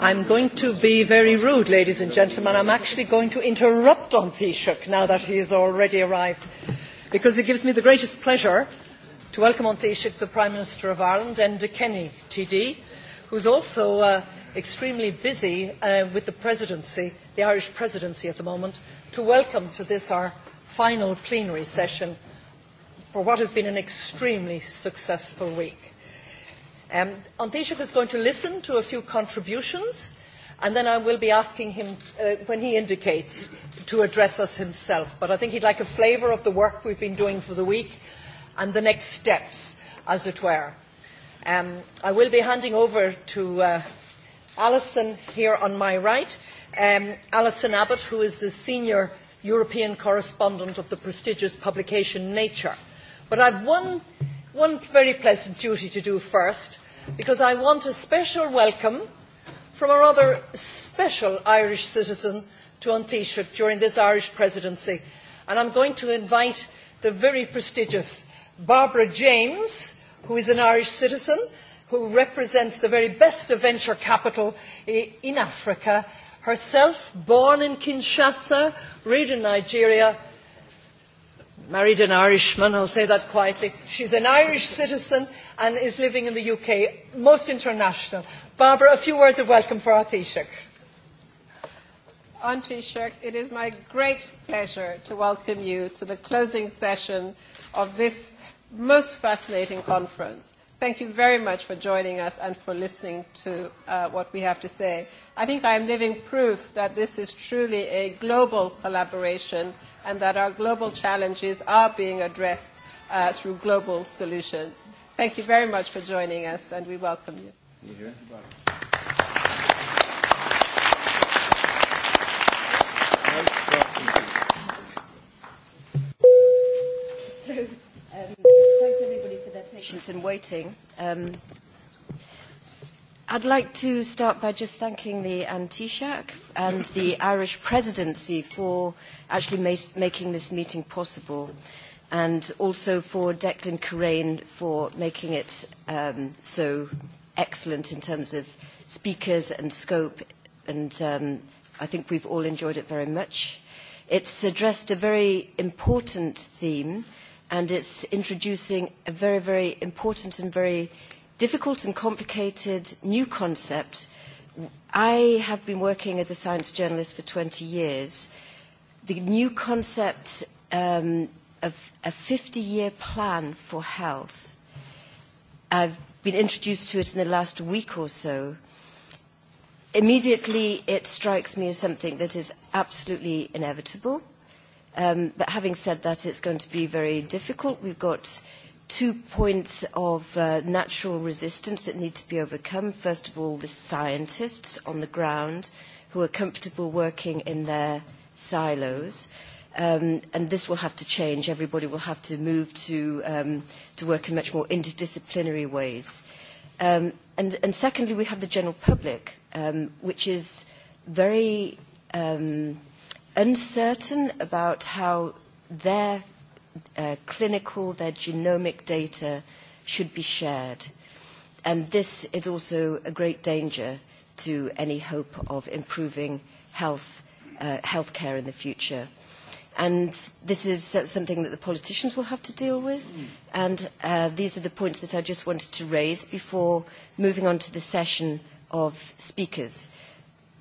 I'm going to be very rude, ladies and gentlemen. I'm actually going to interrupt on Taoiseach now that he has already arrived, because it gives me the greatest pleasure to welcome on Taoiseach the Prime Minister of Ireland, and De Kenny, TD, who is also extremely busy with the presidency, the Irish presidency at the moment, to welcome to this our final plenary session for what has been an extremely successful week. Antishuk is going to listen to a few contributions and then I will be asking him when he indicates to address us himself. But I think he'd like a flavour of the work we've been doing for the week and the next steps, as it were. I will be handing over to Alison here on my right, Alison Abbott, who is the senior European correspondent of the prestigious publication Nature. But I have one one very pleasant duty to do first, because I want a special welcome from a rather special Irish citizen to Antiship during this Irish presidency. And I'm going to invite the very prestigious Barbara James, who is an Irish citizen, who represents the very best of venture capital in Africa, herself born in Kinshasa, reared in Nigeria, married an Irishman, I'll say that quietly. She's an Irish citizen and is living in the UK, most international. Barbara, a few words of welcome for our Taoiseach. Auntie it is my great pleasure to welcome you to the closing session of this most fascinating conference. Thank you very much for joining us and for listening to what we have to say. I think I am living proof that this is truly a global collaboration and that our global challenges are being addressed through global solutions. Thank you very much for joining us, and we welcome you. So, thanks everybody for their patience I'd like to start by just thanking the Antishak and the Irish Presidency for actually making this meeting possible and also for Declan Corain for making it so excellent in terms of speakers and scope and I think we've all enjoyed it very much. It's addressed a very important theme and it's introducing a very, very important and very difficult and complicated new concept. I have been working as a science journalist for 20 years the new concept of a 50-year plan for health. I've been introduced to it in the last week or so. Immediately, it strikes me as something that is absolutely inevitable. But having said that, it's going to be very difficult. We've got two points of natural resistance that need to be overcome. First of all, the scientists on the ground who are comfortable working in their silos. And this will have to change. Everybody will have to move to work in much more interdisciplinary ways. And secondly, we have the general public, which is very uncertain about how their clinical, their genomic data should be shared. And this is also a great danger to any hope of improving health healthcare in the future. And this is something that the politicians will have to deal with. And these are the points that I just wanted to raise before moving on to the session of speakers.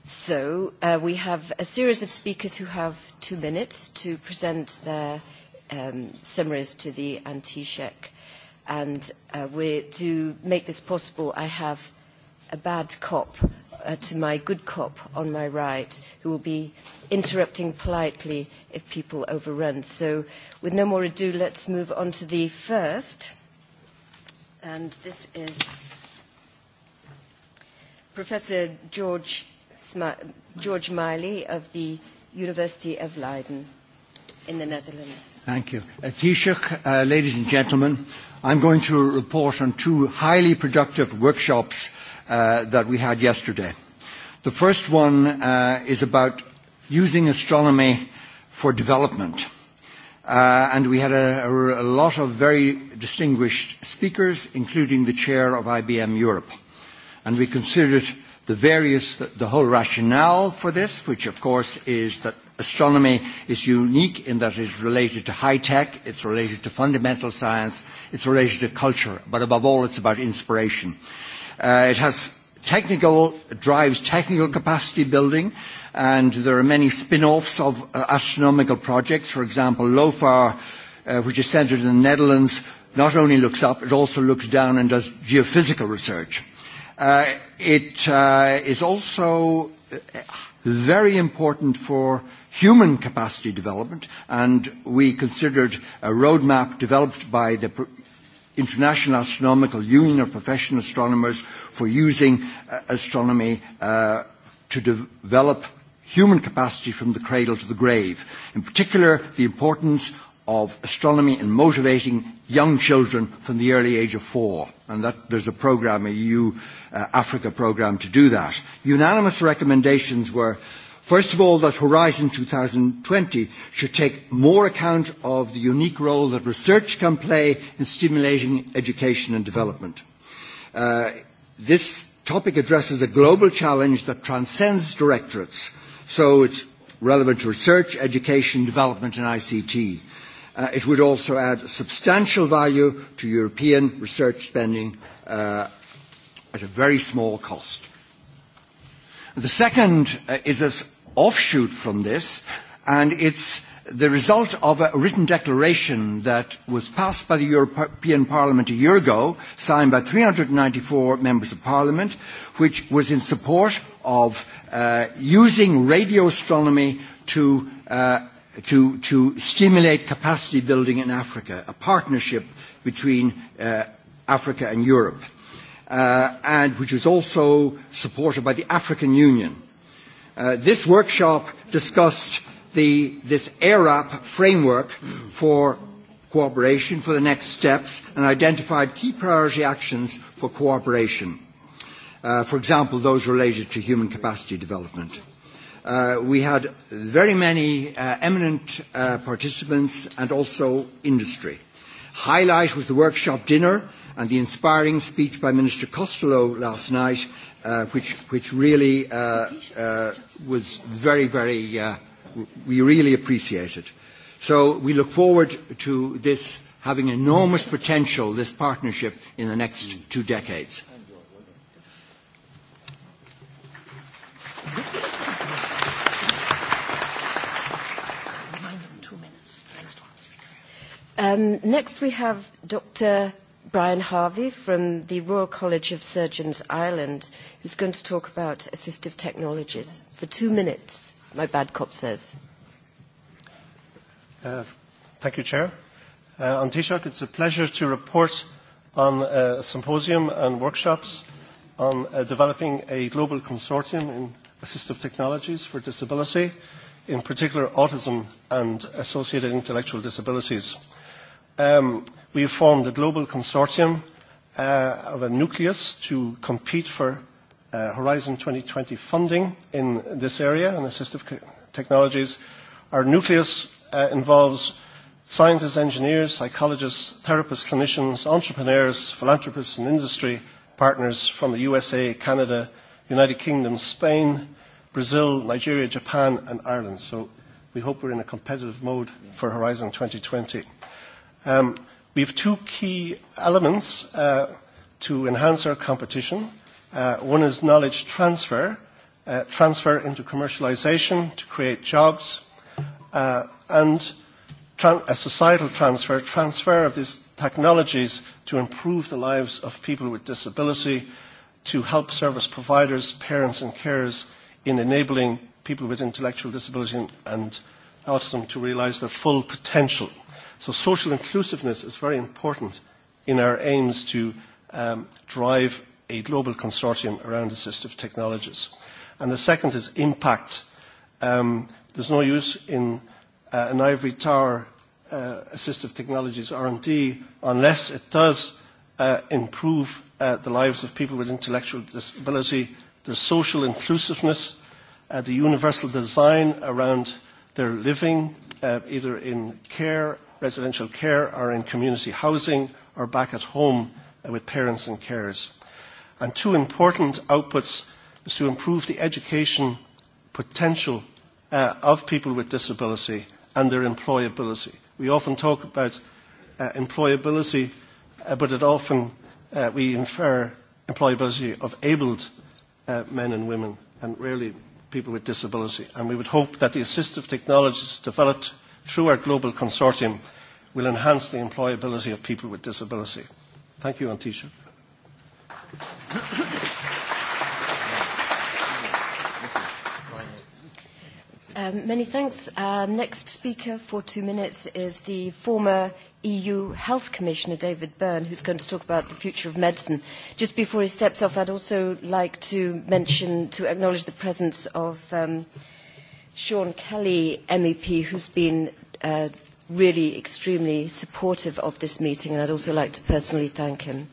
So we have a series of speakers who have two minutes to present their summaries to the Antishek. And to make this possible, I have a bad cop to my good cop on my right, who will be interrupting politely if people overrun. So with no more ado, let's move on to the first. And this is Professor George Miley of the University of Leiden in the Netherlands. Thank you. Taoiseach, ladies and gentlemen, I'm going to report on two highly productive workshops that we had yesterday. The first one is about using astronomy for development. And we had a lot of very distinguished speakers, including the chair of IBM Europe. And we considered the various, the whole rationale for this, which of course is that astronomy is unique in that it is related to high tech, it's related to fundamental science, it's related to culture, but above all it's about inspiration. It has technical drives technical capacity building and there are many spin-offs of astronomical projects. For example, LOFAR, which is centered in the Netherlands, not only looks up, it also looks down and does geophysical research. It is also very important for human capacity development and we considered a roadmap developed by the International Astronomical Union of Professional Astronomers for using astronomy to develop human capacity from the cradle to the grave. In particular, the importance of astronomy in motivating young children from the early age of four. And there's a program, a EU-Africa program to do that. Unanimous recommendations were First of all, that Horizon 2020 should take more account of the unique role that research can play in stimulating education and development. This topic addresses a global challenge that transcends directorates, so it's relevant to research, education, development and ICT. It would also add substantial value to European research spending at a very small cost. The second is offshoot from this, and it's the result of a written declaration that was passed by the European Parliament a year ago, signed by 394 members of Parliament, which was in support of using radio astronomy to to stimulate capacity building in Africa, a partnership between Africa and Europe, and which was also supported by the African Union. This workshop discussed this ARAP framework for cooperation for the next steps and identified key priority actions for cooperation, for example, those related to human capacity development. We had very many eminent participants and also industry. Highlight was the workshop dinner and the inspiring speech by Minister Costello last night which which really was very, very, we really appreciate it. So we look forward to this having enormous potential, this partnership, in the next two decades. Next we have Dr. Brian Harvey from the Royal College of Surgeons Ireland, who's going to talk about assistive technologies for two minutes, my bad cop says. Thank you, Chair. On Taoiseach, it's a pleasure to report on a symposium and workshops on developing a global consortium in assistive technologies for disability, in particular autism and associated intellectual disabilities. We have formed a global consortium of a nucleus to compete for Horizon 2020 funding in this area and assistive technologies. Our nucleus involves scientists, engineers, psychologists, therapists, clinicians, entrepreneurs, philanthropists and industry partners from the USA, Canada, United Kingdom, Spain, Brazil, Nigeria, Japan and Ireland. So we hope we're in a competitive mode for Horizon 2020. We have two key elements to enhance our competition. One is knowledge transfer, transfer into commercialization to create jobs, and a societal transfer, transfer of these technologies to improve the lives of people with disability, to help service providers, parents and carers in enabling people with intellectual disability and autism to realize their full potential. So social inclusiveness is very important in our aims to drive a global consortium around assistive technologies. And the second is impact. There's no use in an ivory tower assistive technologies R&D unless it does improve the lives of people with intellectual disability, the social inclusiveness, the universal design around their living, either in care residential care are in community housing or back at home with parents and carers. And two important outputs is to improve the education potential of people with disability and their employability. We often talk about employability, but it often we infer employability of abled men and women and rarely people with disability. And we would hope that the assistive technologies developed through our global consortium will enhance the employability of people with disability. Thank you, Antisha. Many thanks. Next speaker for two minutes is the former EU Health Commissioner, David Byrne, who's going to talk about the future of medicine. Just before he steps off, I'd also like to mention, to acknowledge the presence of Sean Kelly, MEP, who's been really extremely supportive of this meeting, and I'd also like to personally thank him.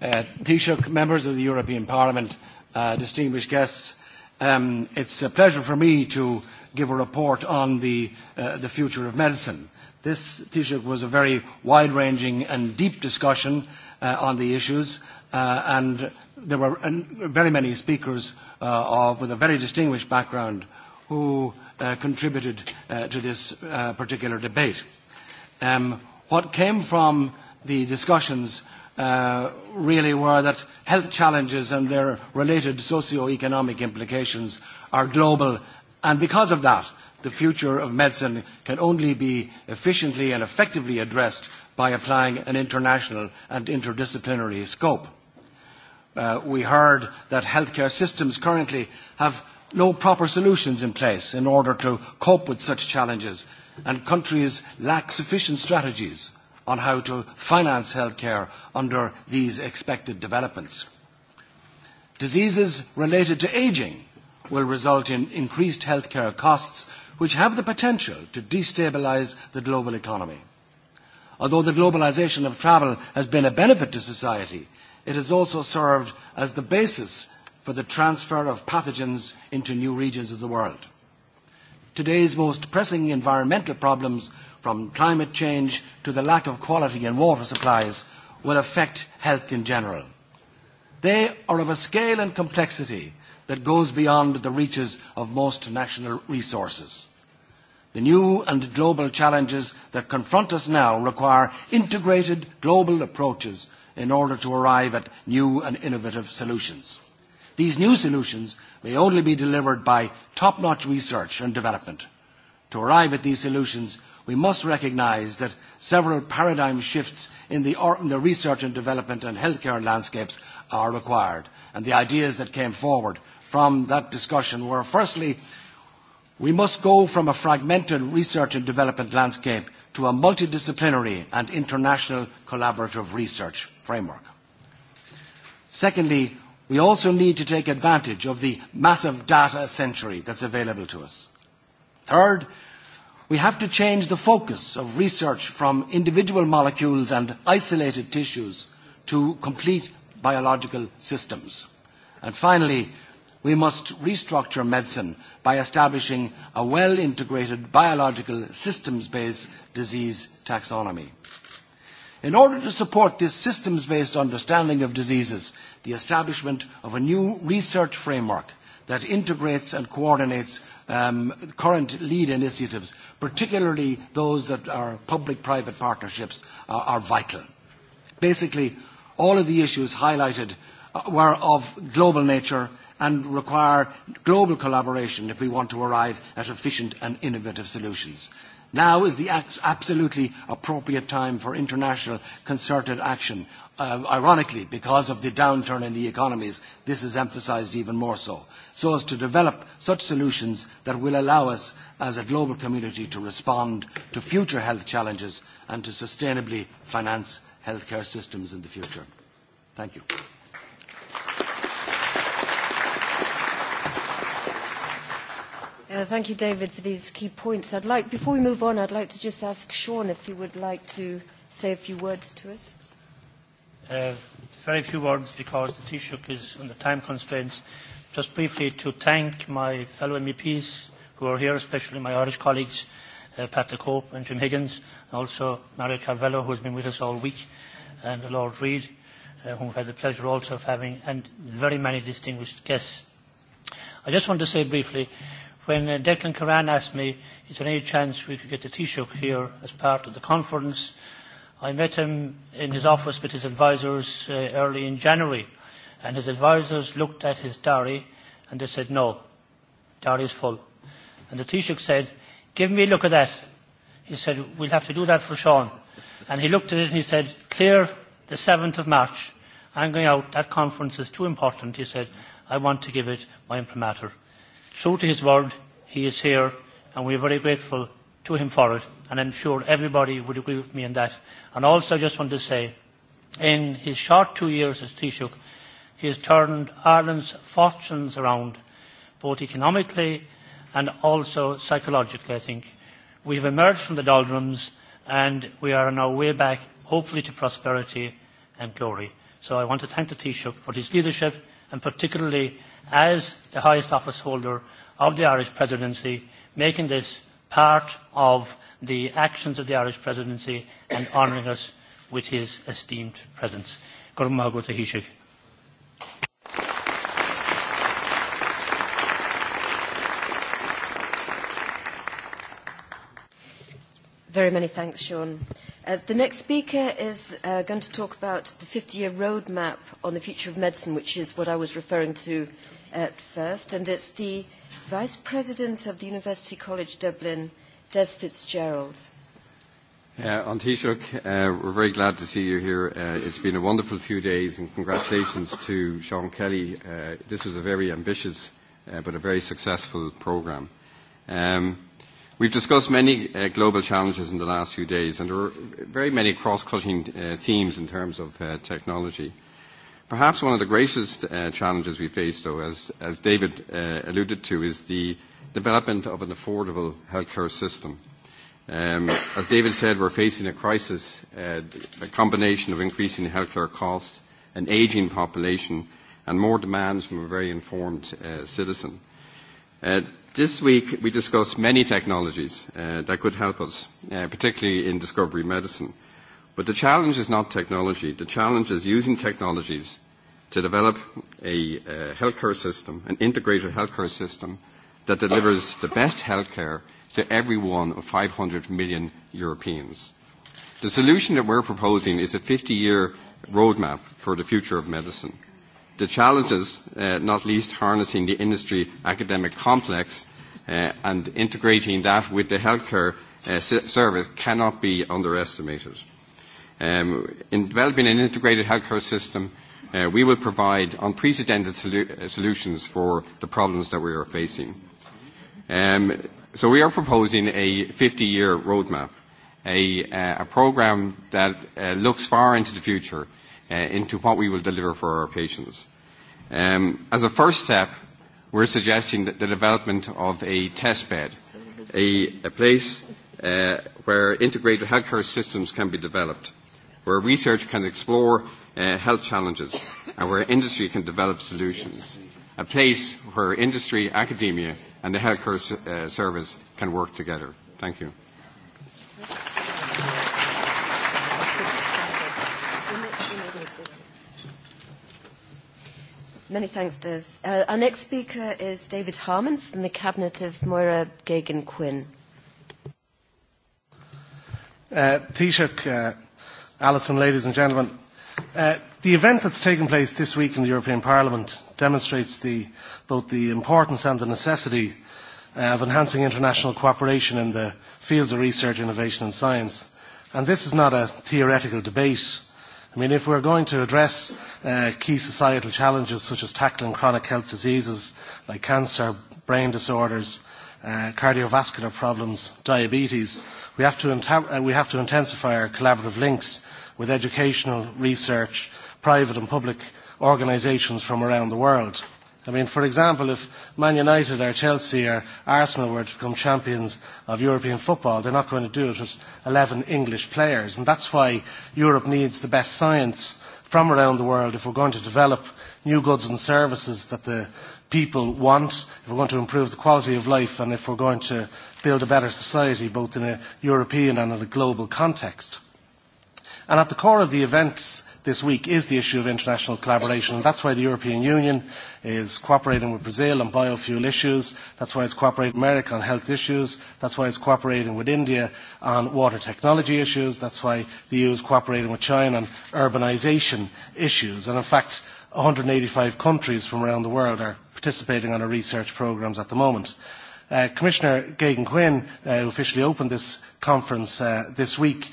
Taoiseach, members of the European Parliament, distinguished guests, it's a pleasure for me to give a report on the future of medicine. This Taoiseach was a very wide-ranging and deep discussion on the issues and there were very many speakers with a very distinguished background who contributed to this particular debate. What came from the discussions really were that health challenges and their related socio-economic implications are global and because of that the future of medicine can only be efficiently and effectively addressed by applying an international and interdisciplinary scope. We heard that healthcare systems currently have no proper solutions in place in order to cope with such challenges, and countries lack sufficient strategies on how to finance healthcare under these expected developments. Diseases related to ageing will result in increased healthcare costs which have the potential to destabilise the global economy. Although the globalisation of travel has been a benefit to society, it has also served as the basis for the transfer of pathogens into new regions of the world. Today's most pressing environmental problems, from climate change to the lack of quality in water supplies, will affect health in general. They are of a scale and complexity that goes beyond the reaches of most national resources. The new and global challenges that confront us now require integrated global approaches in order to arrive at new and innovative solutions. These new solutions may only be delivered by top-notch research and development. To arrive at these solutions, we must recognise that several paradigm shifts in the research and development and healthcare landscapes are required, and the ideas that came forward from that discussion were, firstly, We must go from a fragmented research and development landscape to a multidisciplinary and international collaborative research framework. Secondly, we also need to take advantage of the massive data century that's available to us. Third, we have to change the focus of research from individual molecules and isolated tissues to complete biological systems. And finally, we must restructure medicine by establishing a well-integrated biological systems-based disease taxonomy. In order to support this systems-based understanding of diseases, the establishment of a new research framework that integrates and coordinates current lead initiatives, particularly those that are public-private partnerships, are vital. Basically, all of the issues highlighted were of global nature and require global collaboration if we want to arrive at efficient and innovative solutions. Now is the absolutely appropriate time for international concerted action. Ironically, because of the downturn in the economies, this is emphasised even more so, so as to develop such solutions that will allow us as a global community to respond to future health challenges and to sustainably finance healthcare systems in the future. Thank you. Thank you, David, for these key points. I'd like, before we move on, I'd like to just ask Sean if he would like to say a few words to us. Very few words because the Taoiseach is under time constraints. Just briefly to thank my fellow MEPs who are here, especially my Irish colleagues, Pat de Cope and Jim Higgins, and also Mario Carvello, who has been with us all week, and Lord Reid, whom we've had the pleasure also of having, and very many distinguished guests. I just want to say briefly When Declan Curran asked me, is there any chance we could get the Taoiseach here as part of the conference, I met him in his office with his advisors early in January, and his advisors looked at his diary and they said, no, diary is full. And the Taoiseach said, give me a look at that. He said, we'll have to do that for Sean. And he looked at it and he said, clear the 7th of March. I'm going out. That conference is too important. He said, I want to give it my imprimatur. True to his word, he is here, and we are very grateful to him for it, and I'm sure everybody would agree with me on that. And also I just want to say, in his short two years as Taoiseach, he has turned Ireland's fortunes around, both economically and also psychologically, I think. We have emerged from the doldrums, and we are on our way back, hopefully, to prosperity and glory. So I want to thank the Taoiseach for his leadership, and particularly as the highest office holder of the Irish Presidency, making this part of the actions of the Irish Presidency and honouring us with his esteemed presence. Very many thanks, Sean. The next speaker is going to talk about the 50-year roadmap on the future of medicine, which is what I was referring to At first, and it's the Vice President of the University College Dublin, Des Fitzgerald. Antishuk, Taoiseach, we're very glad to see you here. It's been a wonderful few days, and congratulations to Sean Kelly. This was a very ambitious but a very successful programme. We've discussed many global challenges in the last few days, and there are very many cross-cutting themes in terms of technology. Perhaps one of the greatest challenges we face, though, as David alluded to, is the development of an affordable healthcare system. As David said, we're facing a crisis, a combination of increasing healthcare costs, an aging population, and more demands from a very informed citizen. This week, we discussed many technologies that could help us, particularly in discovery medicine. But the challenge is not technology. The challenge is using technologies to develop a healthcare system, an integrated healthcare system that delivers the best healthcare to every one of 500 million Europeans. The solution that we're proposing is a 50-year roadmap for the future of medicine. The challenges, not least harnessing the industry academic complex and integrating that with the healthcare service cannot be underestimated. In developing an integrated healthcare system, we will provide unprecedented solutions for the problems that we are facing. So we are proposing a 50-year roadmap, a program that looks far into the future, into what we will deliver for our patients. As a first step, we're suggesting the development of a test bed, a place where integrated healthcare systems can be developed where research can explore health challenges and where industry can develop solutions. A place where industry, academia and the healthcare service can work together. Thank you. Many thanks, Des. Our next speaker is David Harmon from the Cabinet of Moira Gagan-Quinn. Taoiseach, Alison, ladies and gentlemen. The event that's taken place this week in the European Parliament demonstrates both the importance and the necessity of enhancing international cooperation in the fields of research, innovation and science. And this is not a theoretical debate. I mean, if we're going to address key societal challenges such as tackling chronic health diseases like cancer, brain disorders, cardiovascular problems, diabetes, We have to intensify our collaborative links with educational, research, private and public organisations from around the world. I mean, for example, if Man United or Chelsea or Arsenal were to become champions of European football, they're not going to do it with 11 English players. And that's why Europe needs the best science from around the world if we're going to develop new goods and services that the people want, if we're going to improve the quality of life and if we're going to build a better society, both in a European and in a global context. And at the core of the events this week is the issue of international collaboration, and that's why the European Union is cooperating with Brazil on biofuel issues, that's why it's cooperating with America on health issues, that's why it's cooperating with India on water technology issues, that's why the EU is cooperating with China on urbanisation issues. And in fact, 185 countries from around the world are participating on our research programmes at the moment. Commissioner Gagan Quinn, who officially opened this conference this week,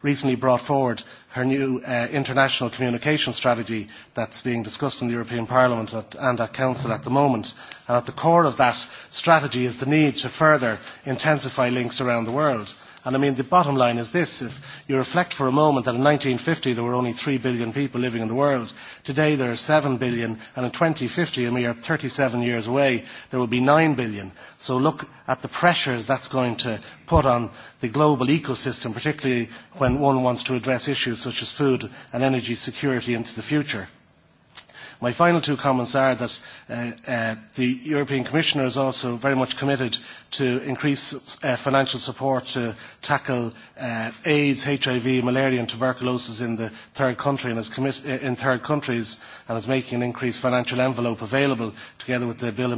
recently brought forward her new international communication strategy that's being discussed in the European Parliament and at Council at the moment. And at the core of that strategy is the need to further intensify links around the world. And I mean, the bottom line is this. If you reflect for a moment that in 1950 there were only 3 billion people living in the world, today there are 7 billion, and in 2050, and we are 37 years away, there will be 9 billion. So look at the pressures that's going to put on the global ecosystem, particularly when one wants to address issues such as food and energy security into the future. My final two comments are that the European Commissioner is also very much committed to increase financial support to tackle AIDS, HIV, malaria and tuberculosis in the third country and in third countries and is making an increased financial envelope available together with the Bill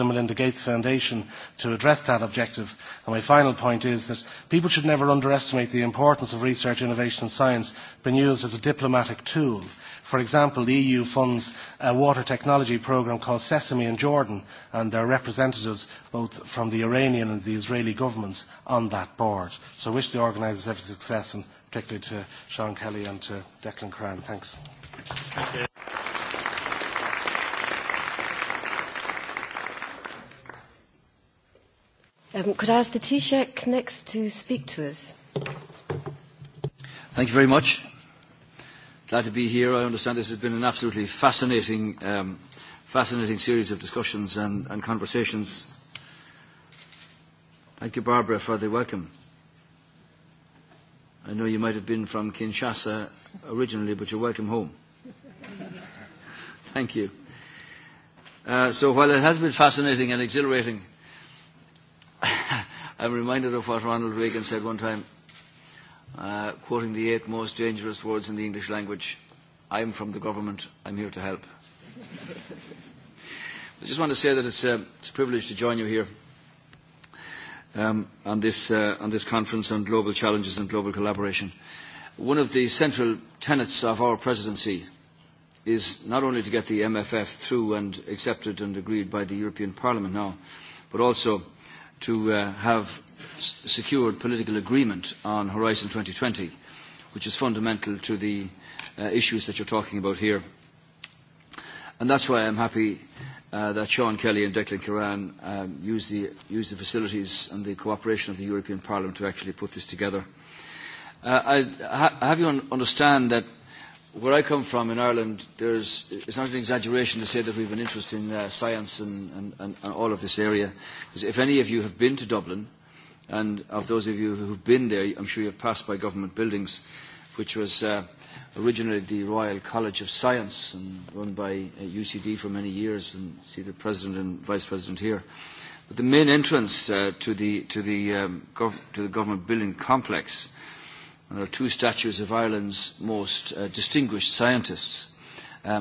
and Melinda Gates Foundation to address that objective. And my final point is that people should never underestimate the importance of research, innovation and science being used as a diplomatic tool For example, the EU funds a water technology programme called Sesame in Jordan, and there are representatives both from the Iranian and the Israeli governments on that board. So I wish the organisers every success, and particularly to Sean Kelly and to Declan Curran. Thanks. Could I ask the Taoiseach next to speak to us? Thank you very much. Glad to be here. I understand this has been an absolutely fascinating, um, fascinating series of discussions and, and conversations. Thank you, Barbara, for the welcome. I know you might have been from Kinshasa originally, but you're welcome home. Thank you. so while it has been fascinating and exhilarating, I'm reminded of what Ronald Reagan said one time quoting the eight most dangerous words in the English language. I'm from the government. I'm here to help. I just want to say that it's a privilege to join you here on this conference on global challenges and global collaboration. One of the central tenets of our presidency is not only to get the MFF through and accepted and agreed by the European Parliament now, but also to have secured political agreement on Horizon 2020, which is fundamental to the issues that you're talking about here. And that's why I'm happy that Sean Kelly and Declan um, use the facilities and the cooperation of the European Parliament to actually put this together. I have you understand that where I come from in Ireland, there's, it's not an exaggeration to say that we have an interest in science and all of this area. Because if any of you have been to Dublin, and of those of you who've been there, I'm sure you've passed by government buildings, which was originally the Royal College of Science and run by UCD for many years, and see the President and Vice President here. But the main entrance to the to the to the government building complex, there are two statues of Ireland's most distinguished scientists,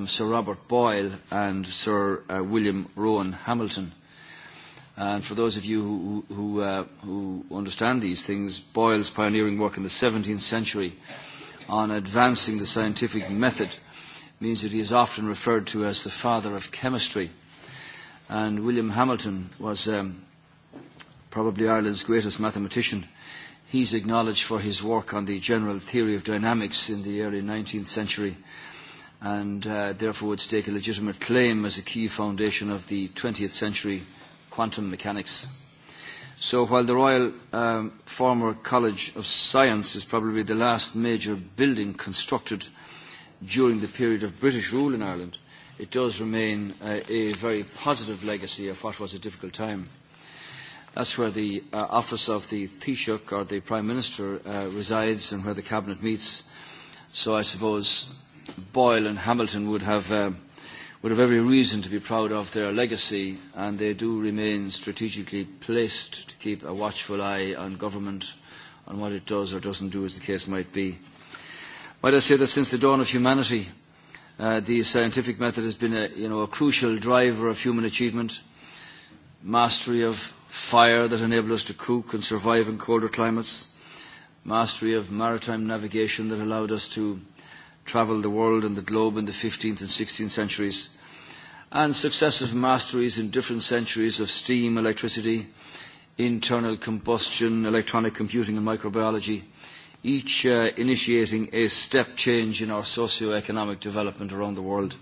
Sir Robert Boyle and Sir William Rowan Hamilton And for those of you who, who, uh, who understand these things, Boyle's pioneering work in the 17th century on advancing the scientific method means that he is often referred to as the father of chemistry. And William Hamilton was probably Ireland's greatest mathematician. He's acknowledged for his work on the general theory of dynamics in the early 19th century and therefore would stake a legitimate claim as a key foundation of the 20th century quantum mechanics. So while the Royal Former College of Science is probably the last major building constructed during the period of British rule in Ireland, it does remain a very positive legacy of what was a difficult time. That's where the office of the Taoiseach, or the Prime Minister, resides and where the Cabinet meets. So I suppose Boyle and Hamilton would have would have every reason to be proud of their legacy, and they do remain strategically placed to keep a watchful eye on government, on what it does or doesn't do, as the case might be. Might I say that since the dawn of humanity, the scientific method has been a crucial driver of human achievement, mastery of fire that enabled us to cook and survive in colder climates, mastery of maritime navigation that allowed us to travelled the world and the globe in the 15th and 16th centuries, and successive masteries in different centuries of steam, electricity, internal combustion, electronic computing and microbiology, each initiating a step change in our socio-economic development around the world.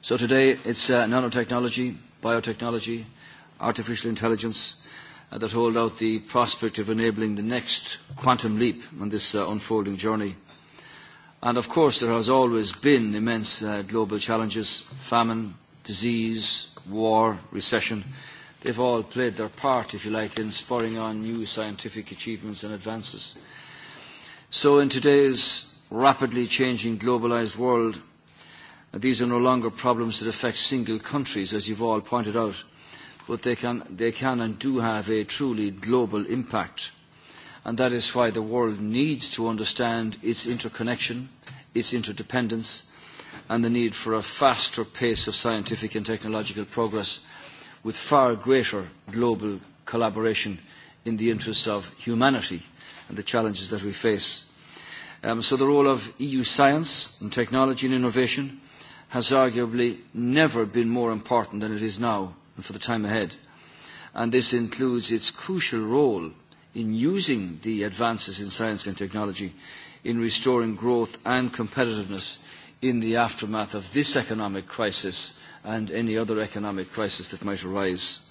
So today it's nanotechnology, biotechnology, artificial intelligence that hold out the prospect of enabling the next quantum leap on this unfolding journey And of course there has always been immense global challenges, famine, disease, war, recession. They've all played their part, if you like, in spurring on new scientific achievements and advances. So in today's rapidly changing globalised world, these are no longer problems that affect single countries, as you've all pointed out, but they can and do have a truly global impact and that is why the world needs to understand its interconnection, its interdependence, and the need for a faster pace of scientific and technological progress with far greater global collaboration in the interests of humanity and the challenges that we face. So the role of EU science and technology and innovation has arguably never been more important than it is now and for the time ahead. And this includes its crucial role in using the advances in science and technology in restoring growth and competitiveness in the aftermath of this economic crisis and any other economic crisis that might arise.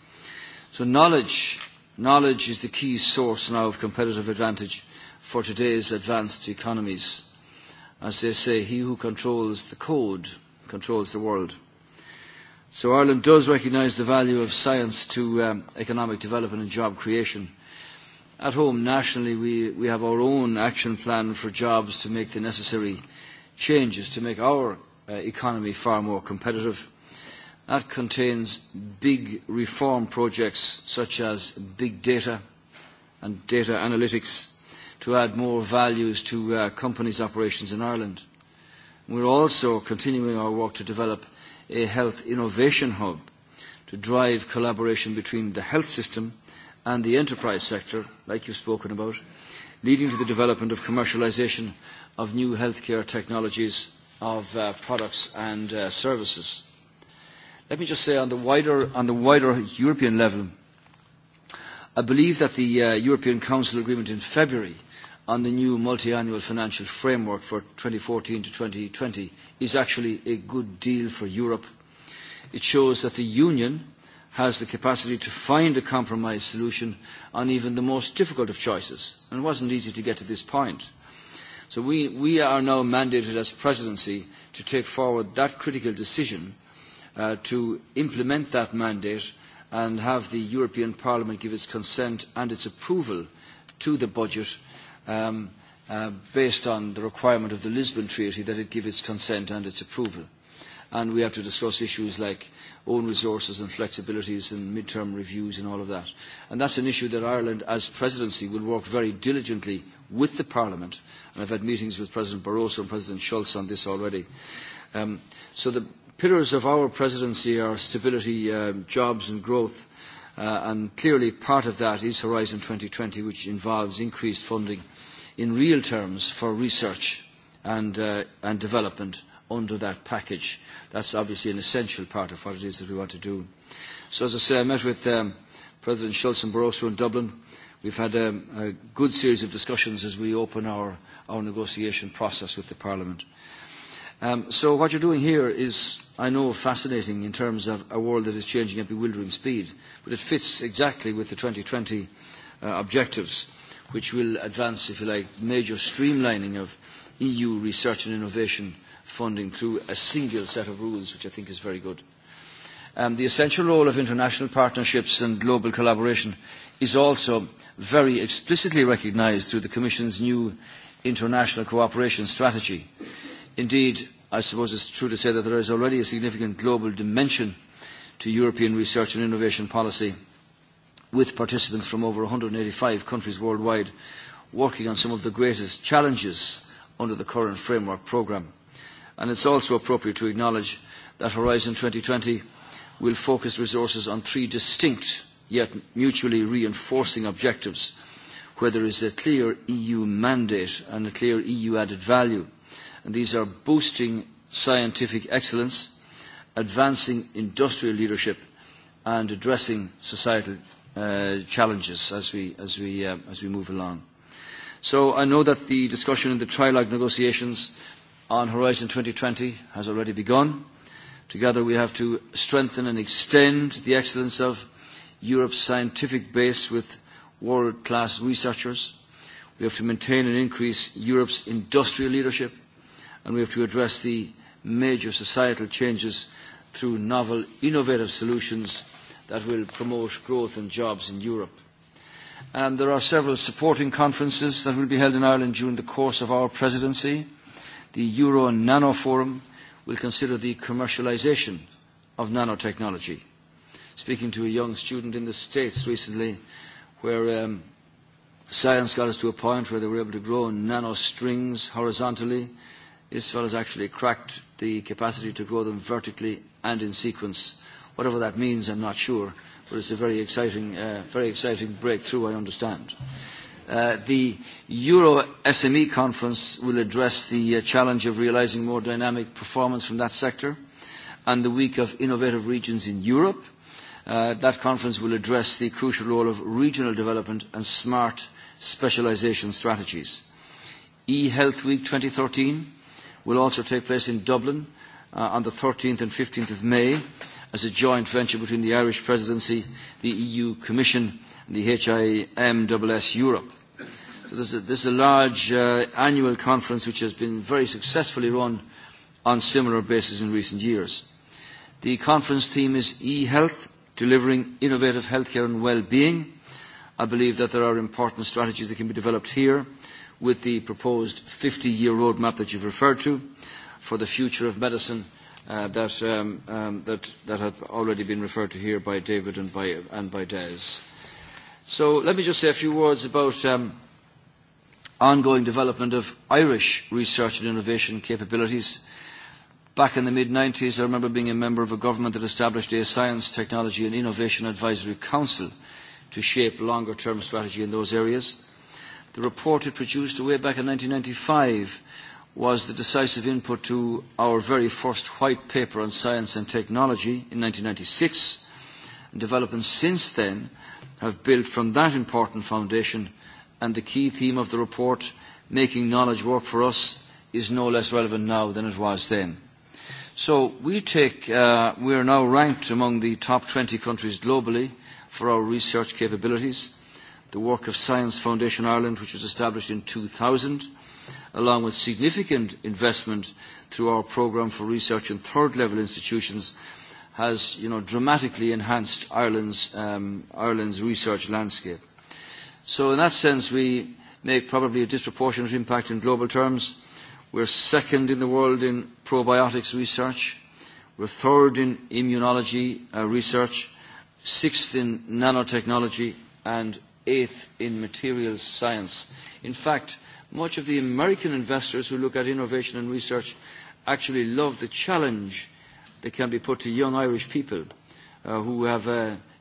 So knowledge, knowledge is the key source now of competitive advantage for today's advanced economies. As they say, he who controls the code controls the world. So Ireland does recognise the value of science to economic development and job creation At home, nationally, we, we have our own action plan for jobs to make the necessary changes to make our economy far more competitive. That contains big reform projects such as big data and data analytics to add more values to companies' operations in Ireland. We're also continuing our work to develop a health innovation hub to drive collaboration between the health system and the enterprise sector, like you've spoken about, leading to the development of commercialisation of new healthcare technologies of products and services. Let me just say on the wider European level, I believe that the European Council agreement in February on the new multiannual financial framework for 2014 to 2020 is actually a good deal for Europe. It shows that the Union has the capacity to find a compromise solution on even the most difficult of choices. And it wasn't easy to get to this point. So we, we are now mandated as presidency to take forward that critical decision, to implement that mandate and have the European Parliament give its consent and its approval to the budget based on the requirement of the Lisbon Treaty that it give its consent and its approval. And we have to discuss issues like own resources and flexibilities and mid-term reviews and all of that. And that's an issue that Ireland, as presidency, will work very diligently with the Parliament. And I've had meetings with President Barroso and President Schulz on this already. So the pillars of our presidency are stability, jobs and growth. And clearly part of that is Horizon 2020, which involves increased funding in real terms for research and development under that package. That's obviously an essential part of what it is that we want to do. So as I say, I met with President Schulz and Barroso in Dublin. We've had a good series of discussions as we open our negotiation process with the Parliament. So what you're doing here is, I know, fascinating in terms of a world that is changing at bewildering speed, but it fits exactly with the 2020 objectives, which will advance, if you like, major streamlining of EU research and innovation funding through a single set of rules, which I think is very good. The essential role of international partnerships and global collaboration is also very explicitly recognised through the Commission's new international cooperation strategy. Indeed, I suppose it's true to say that there is already a significant global dimension to European research and innovation policy, with participants from over 185 countries worldwide working on some of the greatest challenges under the current framework programme and it's also appropriate to acknowledge that Horizon 2020 will focus resources on three distinct yet mutually reinforcing objectives where there is a clear EU mandate and a clear EU added value. And these are boosting scientific excellence, advancing industrial leadership, and addressing societal challenges as we, as, we, as we move along. So I know that the discussion in the trilogue negotiations on Horizon 2020 has already begun. Together we have to strengthen and extend the excellence of Europe's scientific base with world-class researchers. We have to maintain and increase Europe's industrial leadership, and we have to address the major societal changes through novel, innovative solutions that will promote growth and jobs in Europe. There are several supporting conferences that will be held in Ireland during the course of our presidency the Euro Nano Forum will consider the commercialization of nanotechnology. Speaking to a young student in the States recently where science got us to a point where they were able to grow nano strings horizontally, this has actually cracked the capacity to grow them vertically and in sequence. Whatever that means, I'm not sure, but it's a very exciting, very exciting breakthrough, I understand. The Euro SME conference will address the challenge of realising more dynamic performance from that sector and the week of innovative regions in Europe. That conference will address the crucial role of regional development and smart specialisation strategies. E-Health Week 2013 will also take place in Dublin on the 13th and 15th of May as a joint venture between the Irish Presidency, the EU Commission the HIMSS Europe. This is a large annual conference which has been very successfully run on similar basis in recent years. The conference theme is e-health, delivering innovative healthcare and well-being. I believe that there are important strategies that can be developed here with the proposed 50-year roadmap that you've referred to for the future of medicine that have already been referred to here by David and by Des. So let me just say a few words about ongoing development of Irish research and innovation capabilities. Back in the mid-90s, I remember being a member of a government that established a Science, Technology and Innovation Advisory Council to shape longer-term strategy in those areas. The report it produced way back in 1995 was the decisive input to our very first white paper on science and technology in 1996. Development since then have built from that important foundation, and the key theme of the report, making knowledge work for us, is no less relevant now than it was then. So we take, we are now ranked among the top 20 countries globally for our research capabilities. The work of Science Foundation Ireland, which was established in 2000, along with significant investment through our programme for research in third-level institutions, has dramatically enhanced Ireland's research landscape. So in that sense, we make probably a disproportionate impact in global terms. We're second in the world in probiotics research. We're third in immunology research, sixth in nanotechnology, and eighth in materials science. In fact, much of the American investors who look at innovation and research actually love the challenge that can be put to young Irish people who have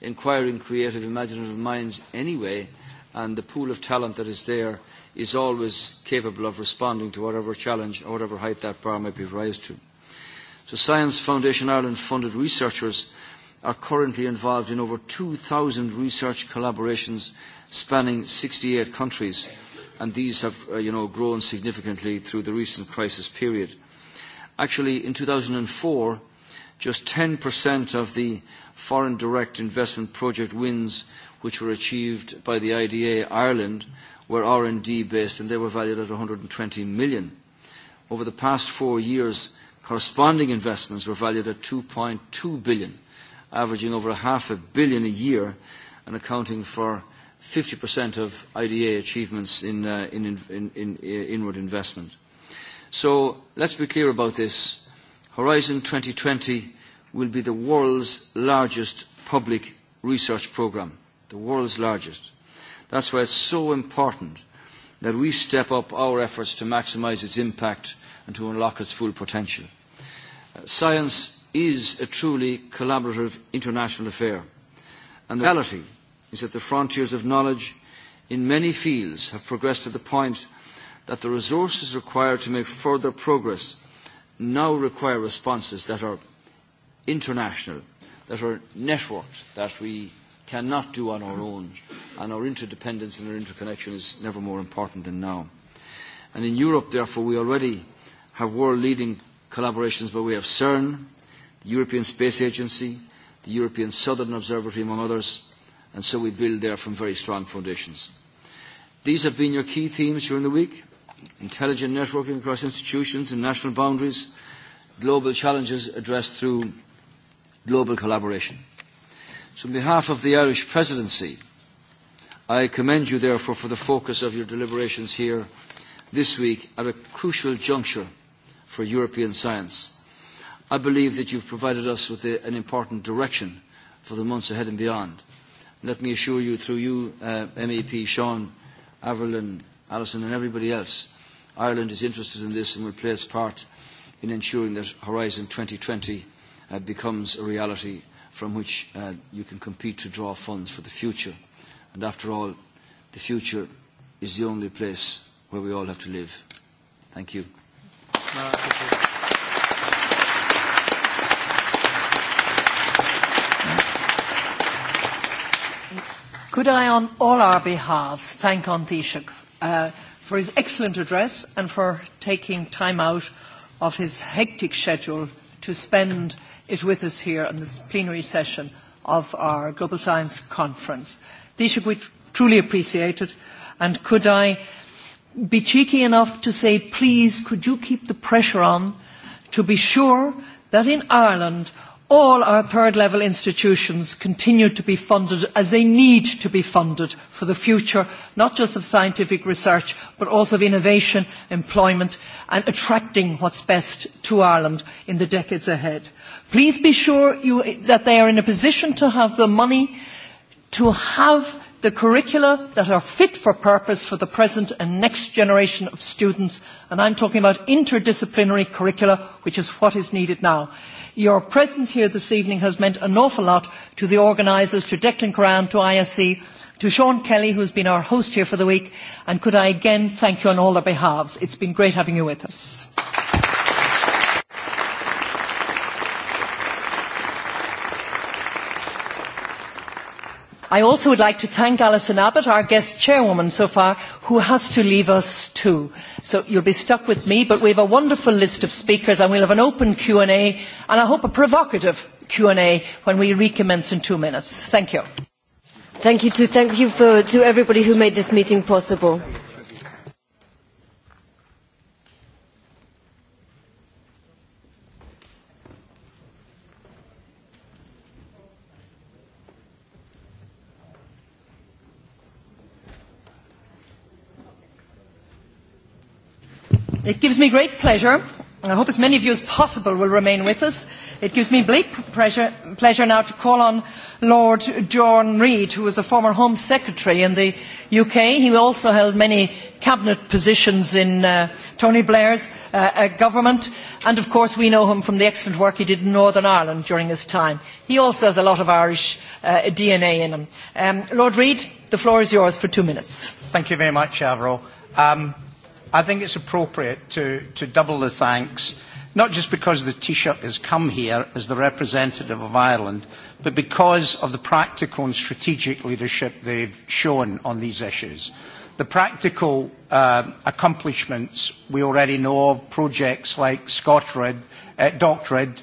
inquiring, creative, imaginative minds anyway, and the pool of talent that is there is always capable of responding to whatever challenge or whatever height that bar might be raised to. So Science Foundation Ireland funded researchers are currently involved in over 2,000 research collaborations spanning 68 countries, and these have grown significantly through the recent crisis period. Actually, in 2004, Just 10% of the foreign direct investment project wins which were achieved by the IDA Ireland were R&D based and they were valued at 120 million. Over the past four years, corresponding investments were valued at 2.2 billion, averaging over half a billion a year and accounting for 50% of IDA achievements in inward investment. So let's be clear about this. Horizon 2020 will be the world's largest public research programme, the world's largest. That's why it's so important that we step up our efforts to maximise its impact and to unlock its full potential. Science is a truly collaborative international affair, and the reality is that the frontiers of knowledge in many fields have progressed to the point that the resources required to make further progress now require responses that are international, that are networked, that we cannot do on our own, and our interdependence and our interconnection is never more important than now. And in Europe, therefore, we already have world-leading collaborations but we have CERN, the European Space Agency, the European Southern Observatory, among others, and so we build there from very strong foundations. These have been your key themes during the week intelligent networking across institutions and national boundaries, global challenges addressed through global collaboration. So on behalf of the Irish Presidency, I commend you therefore for the focus of your deliberations here this week at a crucial juncture for European science. I believe that you've provided us with an important direction for the months ahead and beyond. Let me assure you through you, MEP Sean Averlin Alison and everybody else. Ireland is interested in this and will play its part in ensuring that Horizon 2020 becomes a reality from which you can compete to draw funds for the future. And after all, the future is the only place where we all have to live. Thank you. Could I on all our behalves thank Antishuk for his excellent address and for taking time out of his hectic schedule to spend it with us here on this plenary session of our Global Science Conference. These should be truly appreciated. And could I be cheeky enough to say, please, could you keep the pressure on to be sure that in Ireland all our third level institutions continue to be funded as they need to be funded for the future not just of scientific research but also of innovation employment and attracting what's best to ireland in the decades ahead. please be sure that they are in a position to have the money to have the curricula that are fit for purpose for the present and next generation of students, and I'm talking about interdisciplinary curricula, which is what is needed now. Your presence here this evening has meant an awful lot to the organisers, to Declan Curran, to ISC, to Sean Kelly, who has been our host here for the week, and could I again thank you on all their behalves. It's been great having you with us. I also would like to thank Alison Abbott, our guest chairwoman so far, who has to leave us too. So you'll be stuck with me, but we have a wonderful list of speakers and we'll have an open Q&A and I hope a provocative Q&A when we recommence in two minutes. Thank you. Thank you to everybody who made this meeting possible. It gives me great pleasure, and I hope as many of you as possible will remain with us. It gives me great pleasure now to call on Lord John Reid, who was a former Home Secretary in the UK. He also held many cabinet positions in Tony Blair's government, and of course we know him from the excellent work he did in Northern Ireland during his time. He also has a lot of Irish DNA in him. Lord Reid, the floor is yours for two minutes. Thank you very much, Avril. Um I think it's appropriate to, to double the thanks, not just because the Taoiseach has come here as the representative of Ireland, but because of the practical and strategic leadership they've shown on these issues. The practical accomplishments we already know of, projects like Scotrid, Doctrid,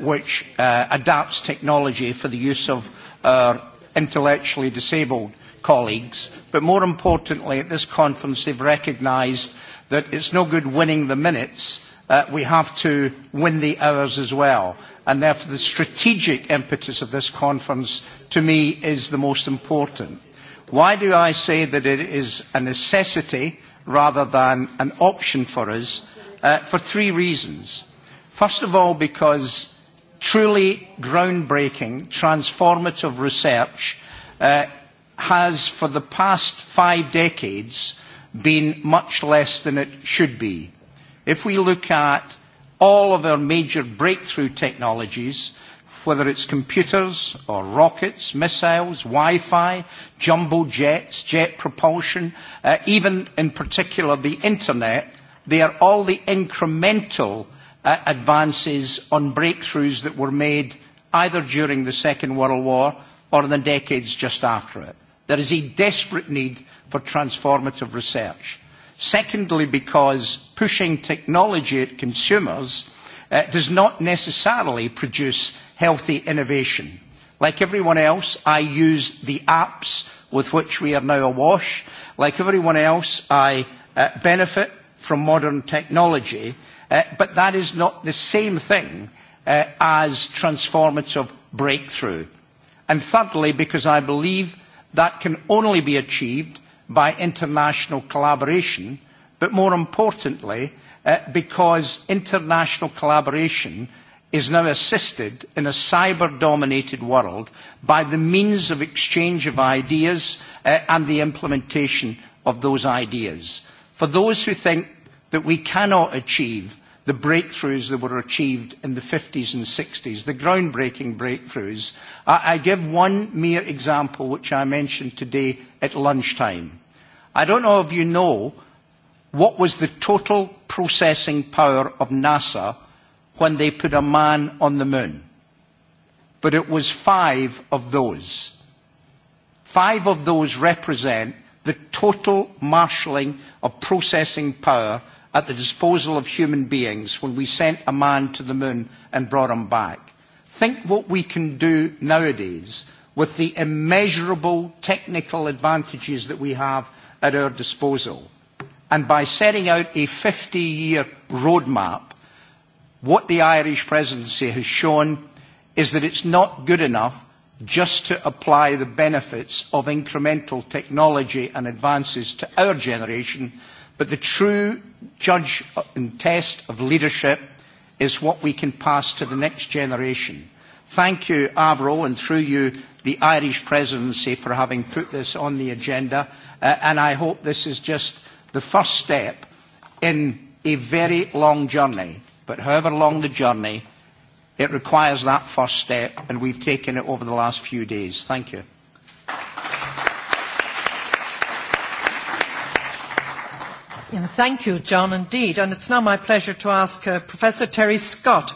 which adapts technology for the use of our intellectually disabled colleagues, But more importantly, at this conference, they've recognised that it's no good winning the minutes. We have to win the hours as well. And therefore, the strategic impetus of this conference, to me, is the most important. Why do I say that it is a necessity rather than an option for us? For three reasons. First of all, because truly groundbreaking, transformative research has for the past five decades been much less than it should be. If we look at all of our major breakthrough technologies, whether it's computers or rockets, missiles, Wi-Fi, jumbo jets, jet propulsion, even in particular the Internet, they are all the incremental advances on breakthroughs that were made either during the Second World War or in the decades just after it. There is a desperate need for transformative research. Secondly, because pushing technology at consumers does not necessarily produce healthy innovation. Like everyone else, I use the apps with which we are now awash. Like everyone else, I benefit from modern technology, but that is not the same thing as transformative breakthrough. And thirdly, because I believe That can only be achieved by international collaboration, but more importantly, because international collaboration is now assisted in a cyber-dominated world by the means of exchange of ideas and the implementation of those ideas. For those who think that we cannot achieve the breakthroughs that were achieved in the 50s and 60s, the groundbreaking breakthroughs. I give one mere example which I mentioned today at lunchtime. I don't know if you know what was the total processing power of NASA when they put a man on the moon. But it was five of those. Five of those represent the total marshalling of processing power at the disposal of human beings when we sent a man to the moon and brought him back. Think what we can do nowadays with the immeasurable technical advantages that we have at our disposal. And by setting out a 50-year roadmap, what the Irish presidency has shown is that it's not good enough just to apply the benefits of incremental technology and advances to our generation But the true judge and test of leadership is what we can pass to the next generation. Thank you, Avro, and through you, the Irish presidency for having put this on the agenda. And I hope this is just the first step in a very long journey. But however long the journey, it requires that first step, and we've taken it over the last few days. Thank you. Thank you, John, indeed. And it's now my pleasure to ask Professor Terry Scott,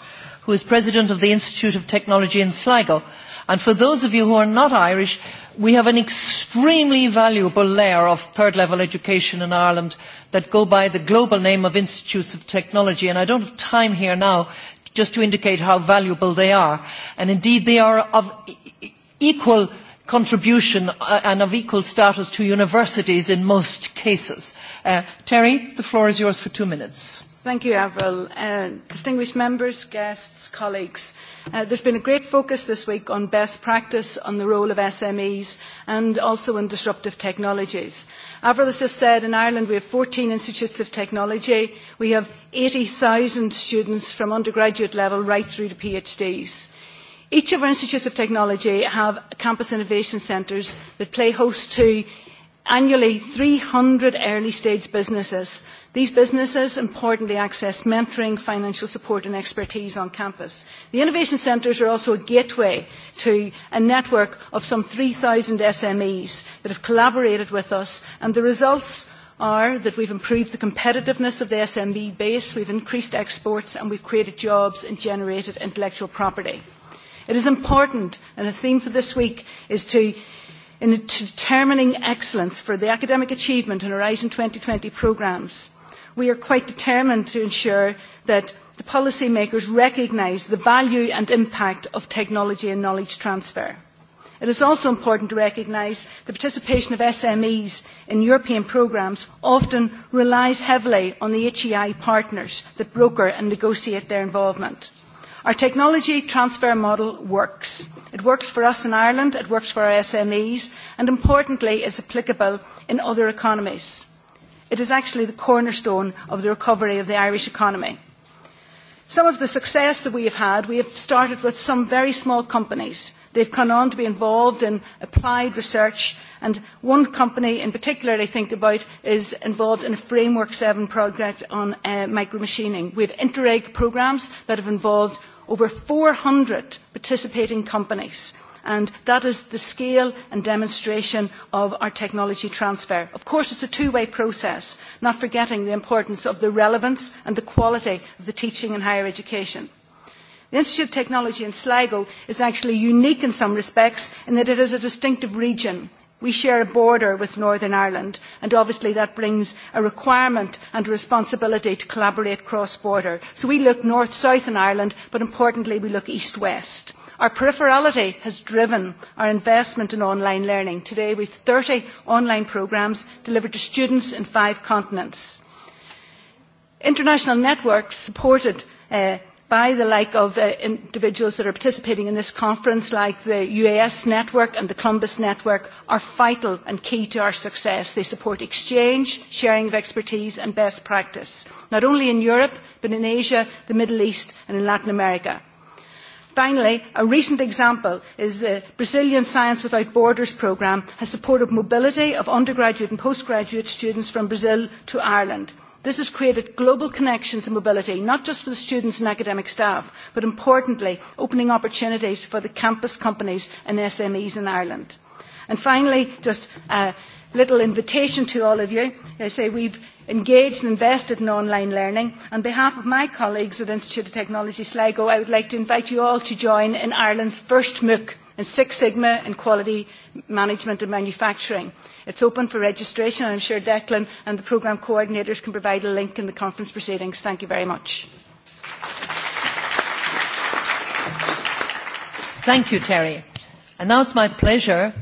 who is President of the Institute of Technology in Sligo. And for those of you who are not Irish, we have an extremely valuable layer of third-level education in Ireland that go by the global name of Institutes of Technology. And I don't have time here now just to indicate how valuable they are. And indeed, they are of equal contribution and of equal status to universities in most cases. Terry, the floor is yours for two minutes. Thank you, Avril. Distinguished members, guests, colleagues, there's been a great focus this week on best practice, on the role of SMEs, and also on disruptive technologies. Avril has just said in Ireland we have 14 institutes of technology. We have 80,000 students from undergraduate level right through to PhDs. Each of our institutes of technology have campus innovation centres that play host to annually 300 early stage businesses. These businesses importantly access mentoring, financial support and expertise on campus. The innovation centres are also a gateway to a network of some 3,000 SMEs that have collaborated with us and the results are that we've improved the competitiveness of the SME base, we've increased exports and we've created jobs and generated intellectual property. It is important, and a theme for this week is to in determining excellence for the academic achievement in Horizon 2020 programmes. We are quite determined to ensure that the policymakers recognise the value and impact of technology and knowledge transfer. It is also important to recognise the participation of SMEs in European programmes often relies heavily on the HEI partners that broker and negotiate their involvement. Our technology transfer model works. It works for us in Ireland, it works for our SMEs, and importantly is applicable in other economies. It is actually the cornerstone of the recovery of the Irish economy. Some of the success that we have had, we have started with some very small companies. They've gone on to be involved in applied research, and one company in particular I think about is involved in a Framework 7 project on micro machining. We have Interreg programmes that have involved over 400 participating companies and that is the scale and demonstration of our technology transfer. Of course it is a two-way process, not forgetting the importance of the relevance and the quality of the teaching in higher education. The Institute of Technology in Sligo is actually unique in some respects in that it is a distinctive region We share a border with Northern Ireland, and obviously that brings a requirement and a responsibility to collaborate cross-border. So we look north-south in Ireland, but importantly we look east-west. Our peripherality has driven our investment in online learning. Today we have 30 online programmes delivered to students in five continents. International networks supported by the like of individuals that are participating in this conference, like the UAS network and the Columbus network, are vital and key to our success. They support exchange, sharing of expertise and best practice, not only in Europe, but in Asia, the Middle East and in Latin America. Finally, a recent example is the Brazilian Science Without Borders programme has supported mobility of undergraduate and postgraduate students from Brazil to Ireland. This has created global connections and mobility, not just for the students and academic staff, but importantly, opening opportunities for the campus companies and SMEs in Ireland. And finally, just a little invitation to all of you. I say we've engaged and invested in online learning. On behalf of my colleagues at the Institute of Technology Sligo, I would like to invite you all to join in Ireland's first MOOC and Six Sigma in quality management and manufacturing. It's open for registration and I'm sure Declan and the programme coordinators can provide a link in the conference proceedings. Thank you very much. Thank you, Terry. And now it's my pleasure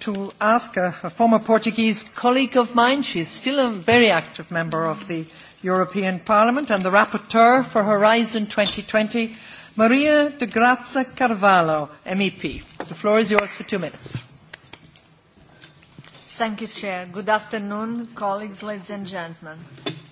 to ask a former Portuguese colleague of mine, she is still a very active member of the European Parliament and the rapporteur for Horizon 2020, Maria de Grazia Carvalho, MEP. The floor is yours for two minutes. Thank you, Chair. Good afternoon, colleagues, ladies and gentlemen.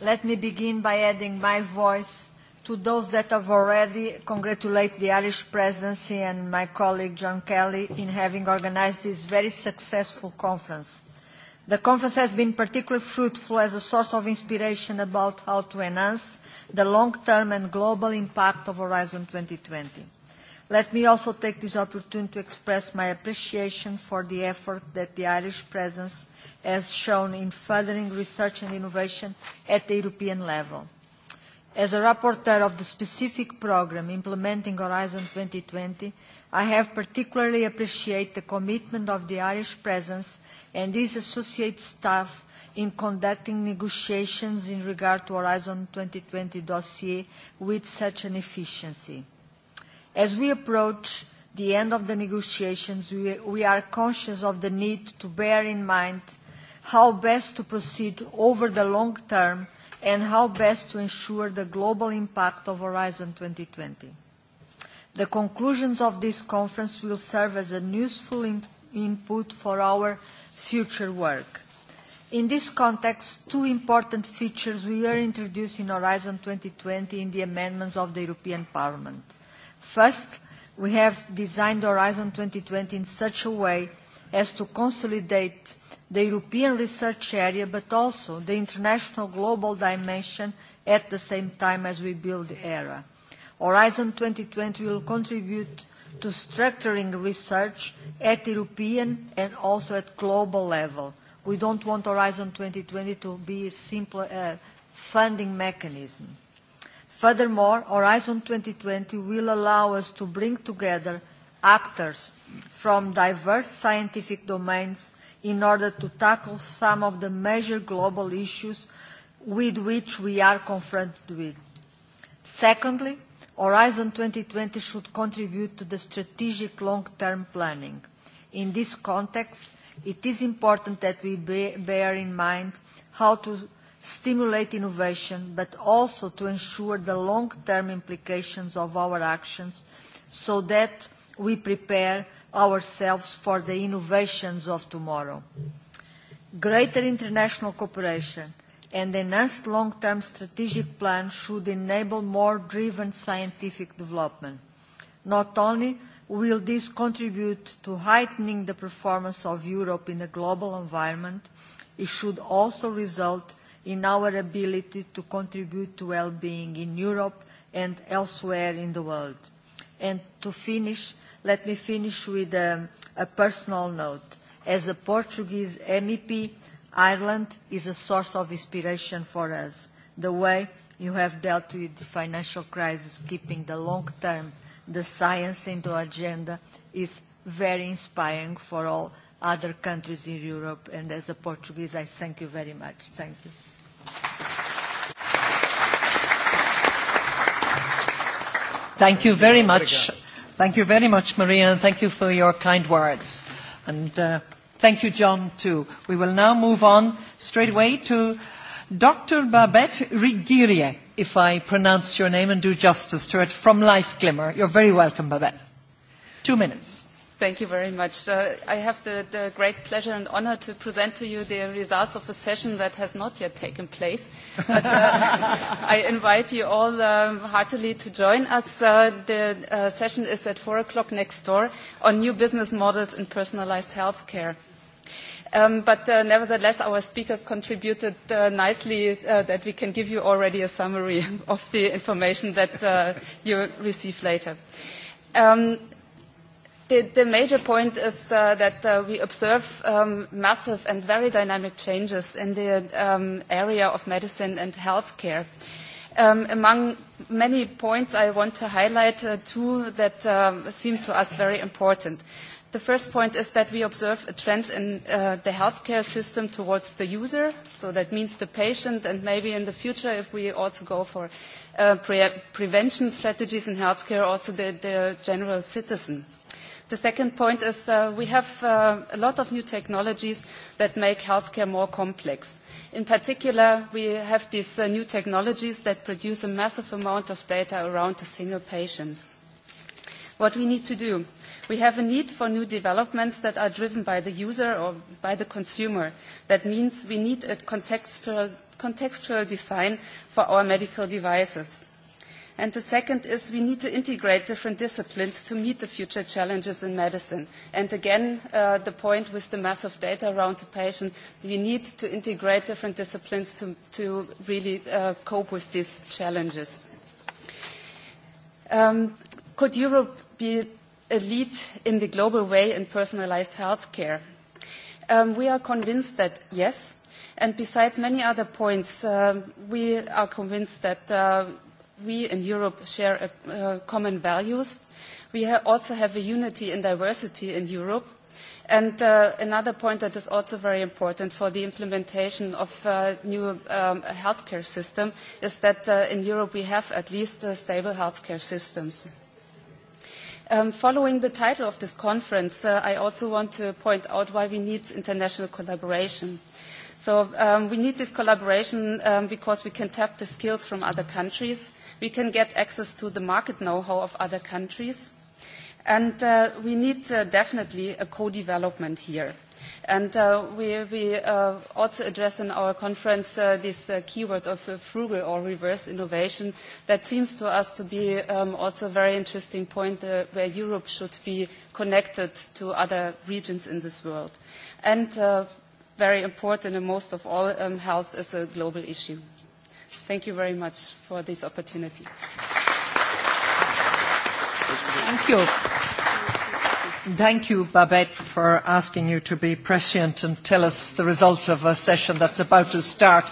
Let me begin by adding my voice to those that have already congratulated the Irish Presidency and my colleague John Kelly in having organised this very successful conference. The conference has been particularly fruitful as a source of inspiration about how to enhance the long-term and global impact of Horizon 2020. Let me also take this opportunity to express my appreciation for the effort that the Irish presence has shown in furthering research and innovation at the European level. As a rapporteur of the specific programme implementing Horizon 2020, I have particularly appreciated the commitment of the Irish presence and its associate staff in conducting negotiations in regard to Horizon 2020 dossier with such an efficiency. As we approach the end of the negotiations, we are conscious of the need to bear in mind how best to proceed over the long term and how best to ensure the global impact of Horizon 2020. The conclusions of this conference will serve as a useful input for our future work. In this context, two important features were introduced in Horizon 2020 in the amendments of the European Parliament. First, we have designed Horizon 2020 in such a way as to consolidate the European research area, but also the international global dimension at the same time as we build ERA. Horizon 2020 will contribute to structuring research at European and also at global level We don't want Horizon 2020 to be a simple funding mechanism. Furthermore, Horizon 2020 will allow us to bring together actors from diverse scientific domains in order to tackle some of the major global issues with which we are confronted with. Secondly, Horizon 2020 should contribute to the strategic long-term planning. In this context, it is important that we bear in mind how to stimulate innovation, but also to ensure the long-term implications of our actions so that we prepare ourselves for the innovations of tomorrow. Greater international cooperation and enhanced long-term strategic plan should enable more driven scientific development, not only Will this contribute to heightening the performance of Europe in a global environment? It should also result in our ability to contribute to well-being in Europe and elsewhere in the world. And to finish, let me finish with a personal note. As a Portuguese MEP, Ireland is a source of inspiration for us. The way you have dealt with the financial crisis, keeping the long-term the science into agenda is very inspiring for all other countries in Europe. And as a Portuguese, I thank you very much. Thank you. Thank you very much. Thank you very much, Maria, and thank you for your kind words. And thank you, John, too. We will now move on straight away to Dr. Babette Rigirie if I pronounce your name and do justice to it, from Life Glimmer. You're very welcome, Babette. Two minutes. Thank you very much. I have the great pleasure and honor to present to you the results of a session that has not yet taken place. I invite you all heartily to join us. The session is at 4 o'clock next door on new business models in personalized healthcare. But nevertheless, our speakers contributed nicely that we can give you already a summary of the information that you receive later. The major point is that we observe massive and very dynamic changes in the area of medicine and healthcare. Among many points, I want to highlight two that seem to us very important. The first point is that we observe a trend in the healthcare system towards the user, so that means the patient, and maybe in the future, if we also go for prevention strategies in healthcare, also the general citizen. The second point is we have a lot of new technologies that make healthcare more complex. In particular, we have these new technologies that produce a massive amount of data around a single patient. What we need to do We have a need for new developments that are driven by the user or by the consumer. That means we need a contextual design for our medical devices. And the second is we need to integrate different disciplines to meet the future challenges in medicine. And again, the point with the massive data around the patient, we need to integrate different disciplines to really cope with these challenges. Could Europe be a lead in the global way in personalized healthcare. We are convinced that yes, and besides many other points, we are convinced that we in Europe share common values. We also have a unity in diversity in Europe. And another point that is also very important for the implementation of a new healthcare system is that in Europe we have at least stable healthcare systems. Following the title of this conference, I also want to point out why we need international collaboration. So we need this collaboration because we can tap the skills from other countries, we can get access to the market know-how of other countries, and we need definitely a co-development here. And we we also address in our conference this keyword of frugal or reverse innovation. That seems to us to be also a very interesting point where Europe should be connected to other regions in this world. And very important and most of all, health is a global issue. Thank you very much for this opportunity. Thank you. Thank you, Babette, for asking you to be prescient and tell us the result of a session that's about to start.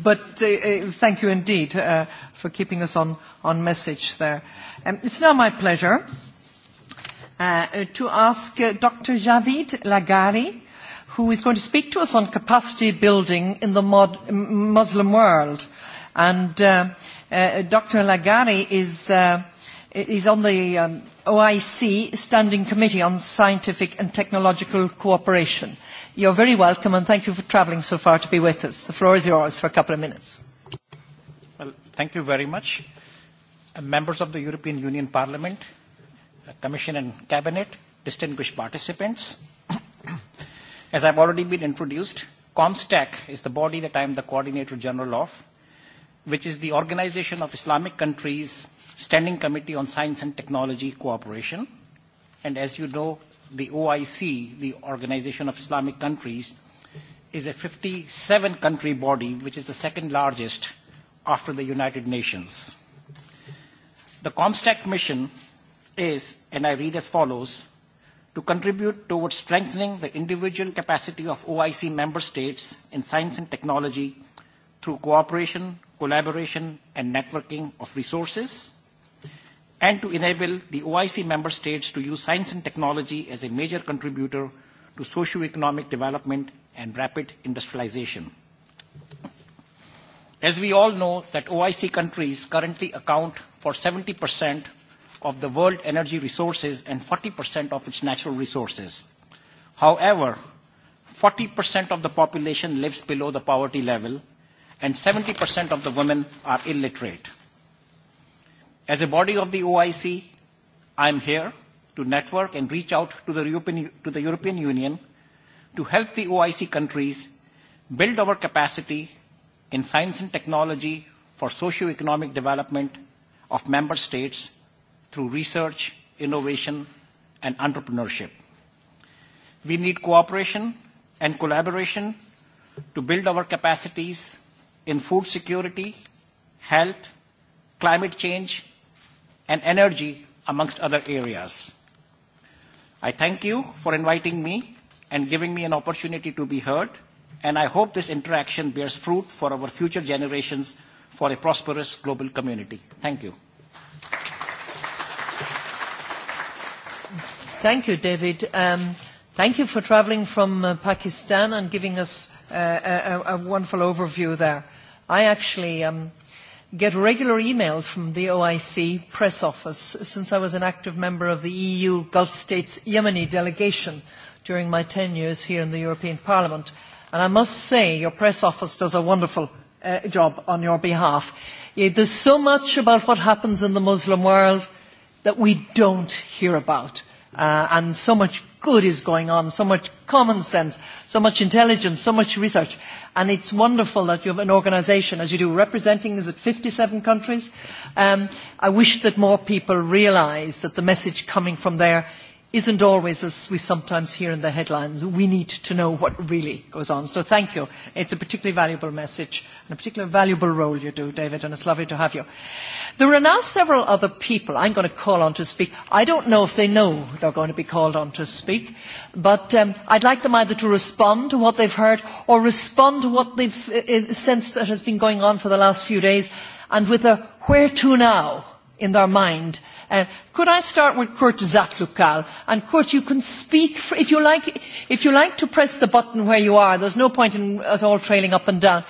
But thank you indeed for keeping us on message there. It's now my pleasure to ask Dr. Javid Lagari, who is going to speak to us on capacity building in the Muslim world. And Dr. Lagari is on the OIC Standing Committee on Scientific and Technological Cooperation. You're very welcome and thank you for travelling so far to be with us. The floor is yours for a couple of minutes. Well, thank you very much. Members of the European Union Parliament, Commission and Cabinet, distinguished participants, as I've already been introduced, COMSTAC is the body that I am the Coordinator General of, which is the Organization of Islamic Countries Standing Committee on Science and Technology Cooperation. And as you know, the OIC, the Organization of Islamic Countries, is a 57-country body, which is the second largest after the United Nations. The Comstack mission is, and I read as follows, to contribute towards strengthening the individual capacity of OIC member states in science and technology through cooperation, collaboration, and networking of resources, and to enable the OIC member states to use science and technology as a major contributor to socio-economic development and rapid industrialization. As we all know that OIC countries currently account for 70% of the world energy resources and 40% of its natural resources. However, 40% of the population lives below the poverty level and 70% of the women are illiterate. As a body of the OIC, I am here to network and reach out to the European Union to help the OIC countries build our capacity in science and technology for socio-economic development of member states through research, innovation, and entrepreneurship. We need cooperation and collaboration to build our capacities in food security, health, climate change, and energy, amongst other areas. I thank you for inviting me and giving me an opportunity to be heard, and I hope this interaction bears fruit for our future generations for a prosperous global community. Thank you. Thank you, David. Thank you for traveling from Pakistan and giving us a wonderful overview there. I actually get regular emails from the OIC press office since I was an active member of the EU Gulf States Yemeni delegation during my 10 years here in the European Parliament. And I must say your press office does a wonderful job on your behalf. There's so much about what happens in the Muslim world that we don't hear about. And so much good is going on, so much common sense, so much intelligence, so much research. And it's wonderful that you have an organisation, as you do, representing is it 57 countries. I wish that more people realise that the message coming from there isn't always as we sometimes hear in the headlines. We need to know what really goes on. So thank you. It's a particularly valuable message and a particularly valuable role you do, David, and it's lovely to have you. There are now several other people I'm going to call on to speak. I don't know if they know they're going to be called on to speak, but I'd like them either to respond to what they've heard or respond to what they've sensed that has been going on for the last few days and with a where to now in their mind Could I start with Kurt Zatlukal? And Kurt, you can speak if you like. If you like to press the button where you are, there's no point in us all trailing up and down.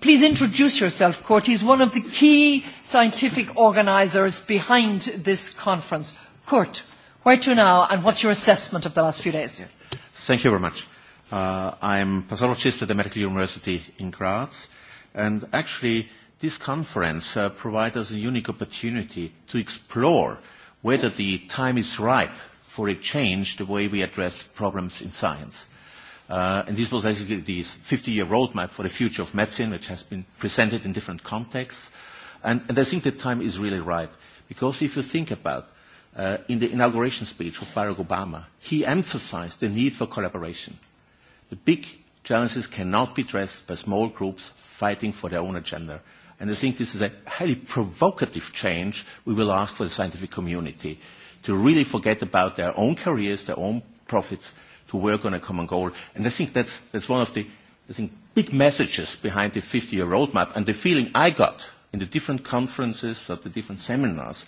Please introduce yourself, Kurt. He's one of the key scientific organisers behind this conference. Kurt, where to now, and what's your assessment of the last few days? Thank you very much. I am pathologist at the Medical University in Graz, and actually This conference provides us a unique opportunity to explore whether the time is ripe for a change the way we address problems in science. And this was basically the 50-year roadmap for the future of medicine, which has been presented in different contexts. And I think the time is really ripe, because if you think about, in the inauguration speech of Barack Obama, he emphasized the need for collaboration. The big challenges cannot be addressed by small groups fighting for their own agenda. And I think this is a highly provocative change we will ask for the scientific community to really forget about their own careers, their own profits, to work on a common goal. And I think that's, that's one of the I think, big messages behind the 50-year roadmap. And the feeling I got in the different conferences, at the different seminars,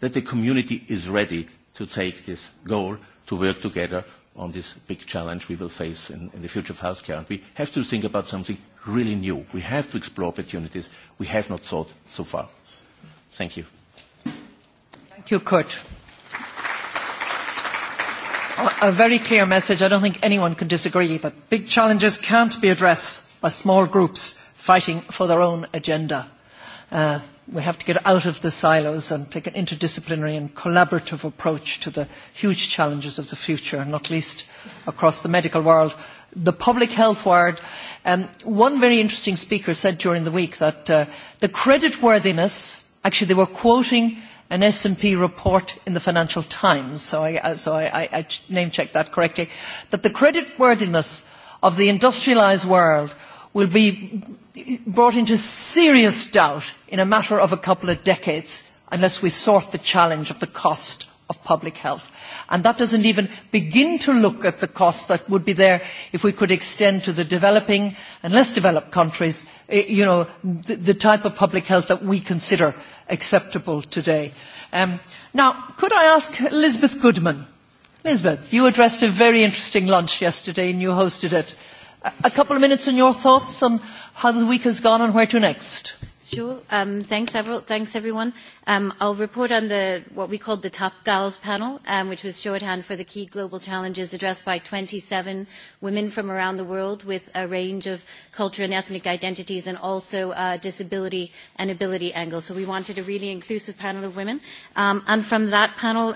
that the community is ready to take this goal, to work together on this big challenge we will face in the future of healthcare. And we have to think about something really new. We have to explore opportunities we have not sought so far. Thank you. Thank you, Kurt. A very clear message. I don't think anyone can disagree that big challenges can't be addressed by small groups fighting for their own agenda. We have to get out of the silos and take an interdisciplinary and collaborative approach to the huge challenges of the future, not least across the medical world. The public health world One very interesting speaker said during the week that the creditworthiness, actually they were quoting an S&P report in the Financial Times, so I name-checked that correctly, that the creditworthiness of the industrialised world will be brought into serious doubt in a matter of a couple of decades unless we sort the challenge of the cost of public health. And that doesn't even begin to look at the costs that would be there if we could extend to the developing and less developed countries, you know, the type of public health that we consider acceptable today. Now, could I ask Elizabeth Goodman? Elizabeth, you addressed a very interesting lunch yesterday and you hosted it. A couple of minutes on your thoughts on how the week has gone and where to next. Sure. thanks, Thanks, everyone. I'll report on the what we called the Top Gals panel, which was shorthand for the key global challenges addressed by 27 women from around the world with a range of culture and ethnic identities and also disability and ability angles. So we wanted a really inclusive panel of women. and from that panel,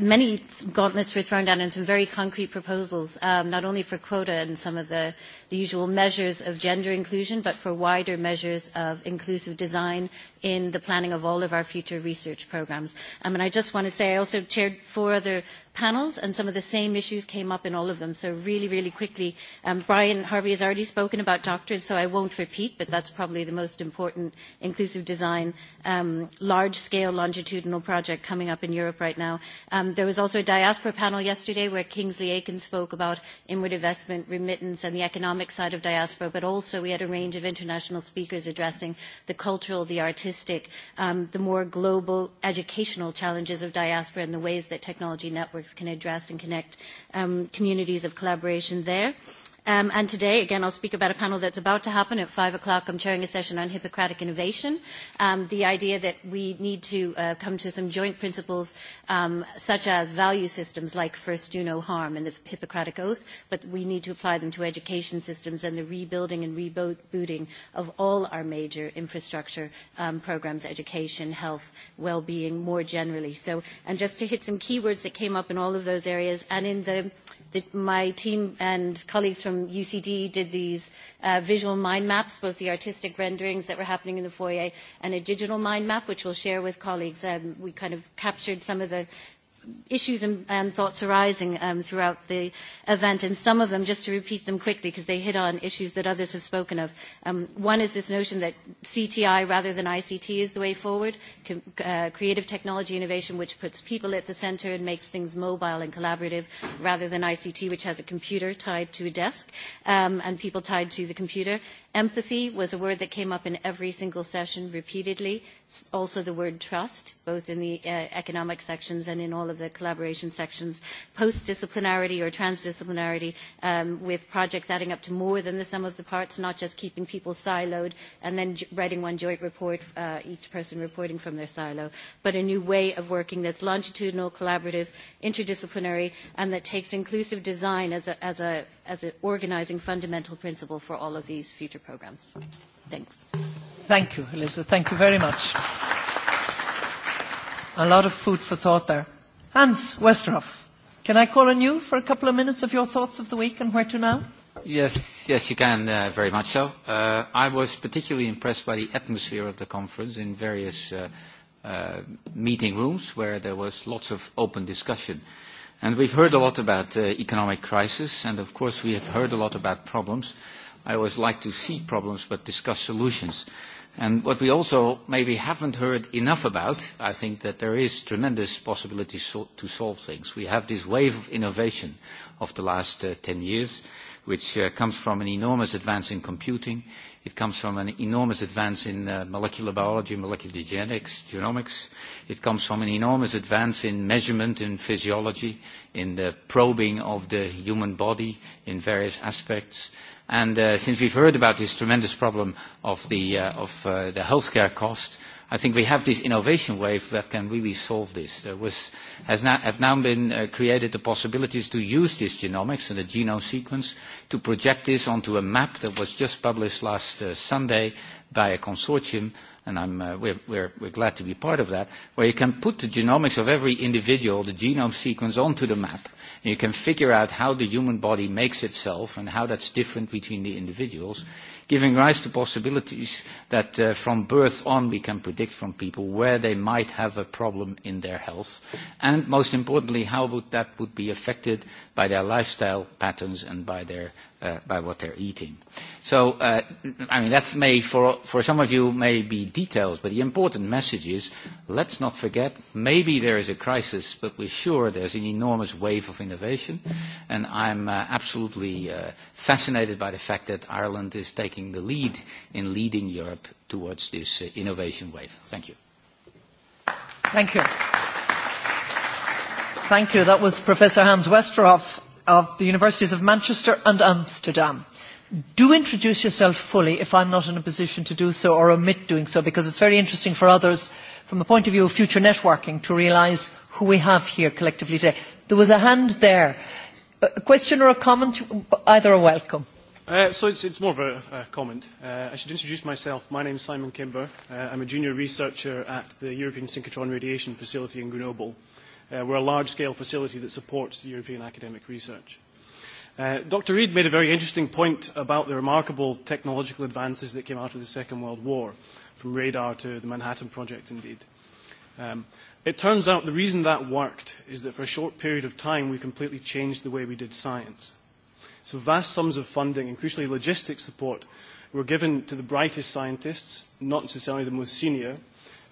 many gauntlets were thrown down and some very concrete proposals, not only for quota and some of the the usual measures of gender inclusion, but for wider measures of inclusive design in the planning of all of our future research programs. And I just want to say I also chaired four other panels and some of the same issues came up in all of them. So really, really quickly, Brian Harvey has already spoken about doctorates, so I won't repeat, but that's probably the most important inclusive design large-scale longitudinal project coming up in Europe right now. There was also a diaspora panel yesterday where Kingsley Aiken spoke about inward investment, remittance and the economic side of diaspora, but also we had a range of international speakers addressing the cultural, the artistic, statistic the more global educational challenges of diaspora and the ways that technology networks can address and connect communities of collaboration there. And today, again, I'll speak about a panel that's about to happen at 5 o'clock. I'm chairing a session on Hippocratic innovation, the idea that we need to come to some joint principles such as value systems like first do no harm and the Hippocratic Oath, but we need to apply them to education systems and the rebuilding and rebooting of all our major infrastructure programs, education, health, well-being more generally. So, and just to hit some keywords that came up in all of those areas and in the My team and colleagues from UCD did these visual mind maps, both the artistic renderings that were happening in the foyer and a digital mind map, which we'll share with colleagues. We kind of captured some of the issues and thoughts arising throughout the event, and some of them, just to repeat them quickly, because they hit on issues that others have spoken of. One is this notion that CTI rather than ICT is the way forward, creative technology innovation, which puts people at the center and makes things mobile and collaborative, rather than ICT, which has a computer tied to a desk and people tied to the computer. Empathy was a word that came up in every single session repeatedly also the word trust, both in the economic sections and in all of the collaboration sections, post-disciplinarity or transdisciplinarity with projects adding up to more than the sum of the parts, not just keeping people siloed and then writing one joint report, each person reporting from their silo, but a new way of working that's longitudinal, collaborative, interdisciplinary, and that takes inclusive design as an organizing fundamental principle for all of these future programs. Thanks. Thank you, Elizabeth. Thank you very much. A lot of food for thought there. Hans Westerhoff, can I call on you for a couple of minutes of your thoughts of the week and where to now? Yes, yes, you can, very much so. I was particularly impressed by the atmosphere of the conference in various meeting rooms where there was lots of open discussion. And we've heard a lot about economic crisis, and of course we have heard a lot about problems. I always like to see problems but discuss solutions. And what we also maybe haven't heard enough about, I think that there is tremendous possibility to solve things. We have this wave of innovation of the last 10 years, which comes from an enormous advance in computing. It comes from an enormous advance in molecular biology, molecular genetics, genomics. It comes from an enormous advance in measurement, in physiology, in the probing of the human body in various aspects. And since we've heard about this tremendous problem of the healthcare cost, I think we have this innovation wave that can really solve this. There have now been created the possibilities to use this genomics and the genome sequence to project this onto a map that was just published last Sunday by a consortium and I'm we're we're glad to be part of that, where you can put the genomics of every individual, the genome sequence, onto the map, and you can figure out how the human body makes itself and how that's different between the individuals, giving rise to possibilities that from birth on we can predict from people where they might have a problem in their health, and most importantly, how would that would be affected by their lifestyle patterns and by their by what they're eating. So, I mean, that may for for some of you may be details, but the important message is let's not forget. Maybe there is a crisis, but we're sure there's an enormous wave of innovation, and I'm absolutely fascinated by the fact that Ireland is taking the lead in leading Europe towards this innovation wave. Thank you. Thank you. Thank you. That was Professor Hans Westerhoff of the Universities of Manchester and Amsterdam. Do introduce yourself fully if I'm not in a position to do so or omit doing so because it's very interesting for others from the point of view of future networking to realise who we have here collectively today. There was a hand there. A question or a comment? Either a welcome. So it's more of a comment. I should introduce myself. My name is Simon Kimber. I'm a junior researcher at the European Synchrotron Radiation Facility in Grenoble. We're a large-scale facility that supports European academic research. Dr. Reid made a very interesting point about the remarkable technological advances that came out of the Second World War, from radar to the Manhattan Project, indeed. It turns out the reason that worked is that for a short period of time we completely changed the way we did science. So vast sums of funding and crucially logistics support were given to the brightest scientists, not necessarily the most senior,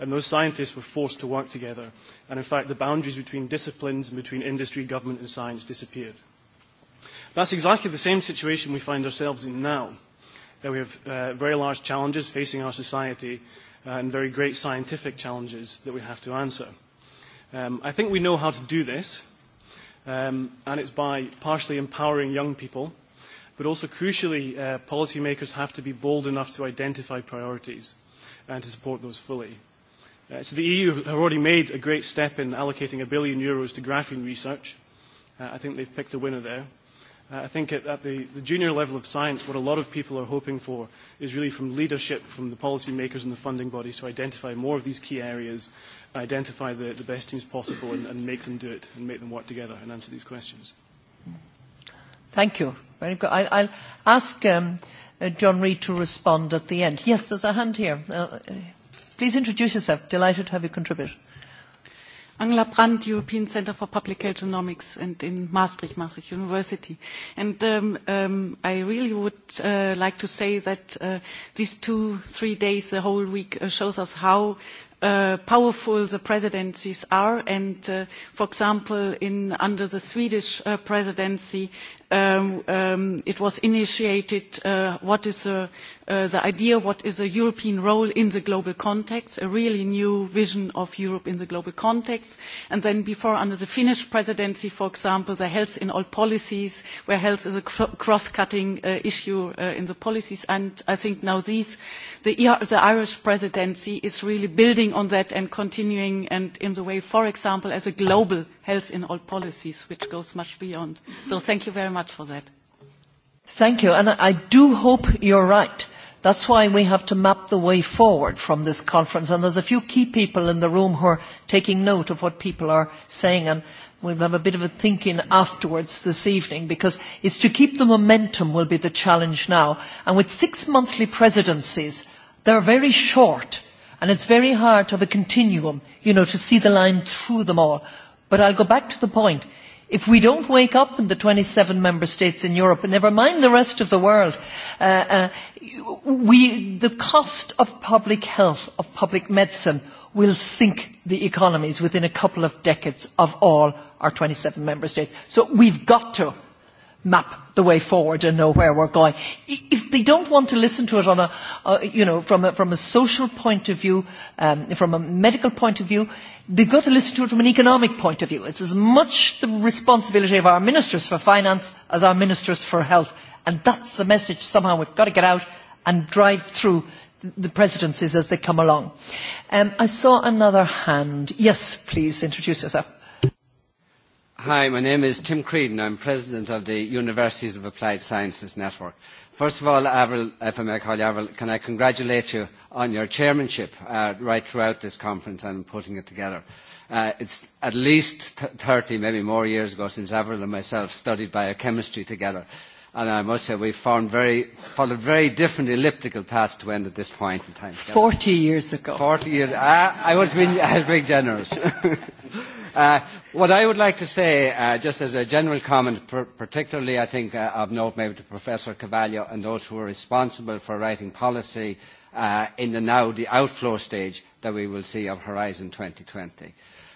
and those scientists were forced to work together. And in fact, the boundaries between disciplines and between industry, government and science disappeared. That's exactly the same situation we find ourselves in now. that We have very large challenges facing our society and very great scientific challenges that we have to answer. I think we know how to do this, and it's by partially empowering young people, but also crucially, policymakers have to be bold enough to identify priorities and to support those fully. So the EU have already made a great step in allocating a billion euros to graphene research. I think they've picked a winner there. I think at the the junior level of science, what a lot of people are hoping for is really from leadership from the policymakers and the funding bodies to identify more of these key areas, identify the the best teams possible, and make them do it, and make them work together and answer these questions. Thank you. Very good. I'll ask John Reed to respond at the end. Yes, there's a hand here. Please introduce yourself. Delighted to have you contribute. Angela Brandt, European Centre for Public Health Economics and in Maastricht, Maastricht University. And I really would like to say that these two, three days, the whole week shows us how powerful the presidencies are and for example in under the Swedish presidency It was initiated what is the idea, what is a European role in the global context, a really new vision of Europe in the global context. And then before, under the Finnish presidency, for example, the health in all policies, where health is a cross-cutting issue in the policies. And I think now these, the Irish presidency is really building on that and continuing and in the way, for example, as a global health in all policies, which goes much beyond. So thank you very much for that. Thank you. And I do hope you're right. That's why we have to map the way forward from this conference. And there's a few key people in the room who are taking note of what people are saying. And we'll have a bit of a thinking afterwards this evening because it's to keep the momentum will be the challenge now. And with six monthly presidencies, they're very short. And it's very hard to have a continuum, you know, to see the line through them all. But I'll go back to the point. If we don't wake up in the 27 member states in Europe, and never mind the rest of the world, the cost of public health, of public medicine, will sink the economies within a couple of decades of all our 27 member states. So we've got to map the way forward and know where we're going. If they don't want to listen to it on a, you know, from a social point of view, from a medical point of view, They've got to listen to it from an economic point of view. It's as much the responsibility of our ministers for finance as our ministers for health. And that's the message somehow we've got to get out and drive through the presidencies as they come along. I saw another hand. Yes, please introduce yourself. Hi, my name is Tim Creedon. I'm president of the Universities of Applied Sciences Network. First of all, Avril, if I may call you Avril, can I congratulate you on your chairmanship right throughout this conference and putting it together. It's at least 30, maybe more years ago since Avril and myself studied biochemistry together. And I must say we formed very, followed very different elliptical paths to end at this point in time. 40 years ago. 40 years. I, would be, generous. What I would like to say, just as a general comment, particularly I think of note maybe to Professor Cavallo and those who are responsible for writing policy in the now, the outflow stage that we will see of Horizon 2020.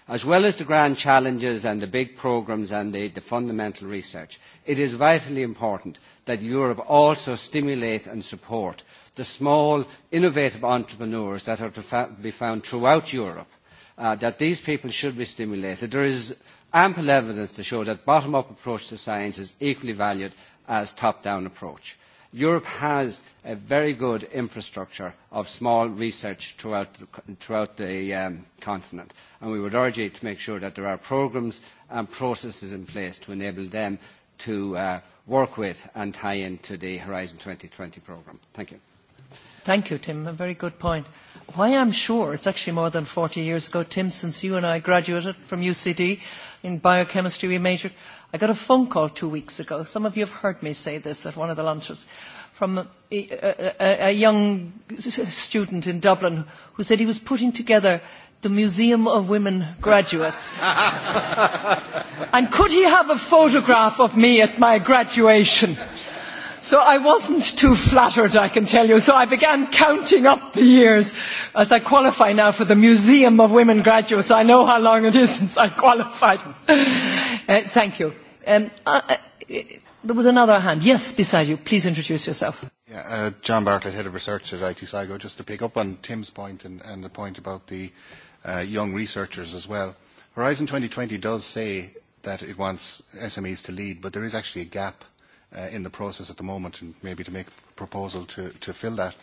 As well as the grand challenges and the big programmes and the fundamental research, it is vitally important that Europe also stimulate and support the small, innovative entrepreneurs that are to be found throughout Europe that these people should be stimulated. There is ample evidence to show that bottom-up approach to science is equally valued as top-down approach. Europe has a very good infrastructure of small research throughout the continent, and we would urge you to make sure that there are programmes and processes in place to enable them to work with and tie into the Horizon 2020 programme. Thank you. Thank you, Tim. A very good point why I'm sure, it's actually more than 40 years ago, Tim, since you and I graduated from UCD in biochemistry we majored, I got a phone call two weeks ago. Some of you have heard me say this at one of the lunches from a young student in Dublin who said he was putting together the Museum of Women Graduates. And could he have a photograph of me at my graduation? So I wasn't too flattered, I can tell you. So I began counting up the years as I qualify now for the Museum of Women Graduates. I know how long it is since I qualified. Thank you. There was another hand. Yes, beside you. Please introduce yourself. John Bartlett, Head of Research at IT SIGO. Just to pick up on Tim's point and the point about the young researchers as well. Horizon 2020 does say that it wants SMEs to lead, but there is actually a gap in the process at the moment and maybe to make a proposal to fill that.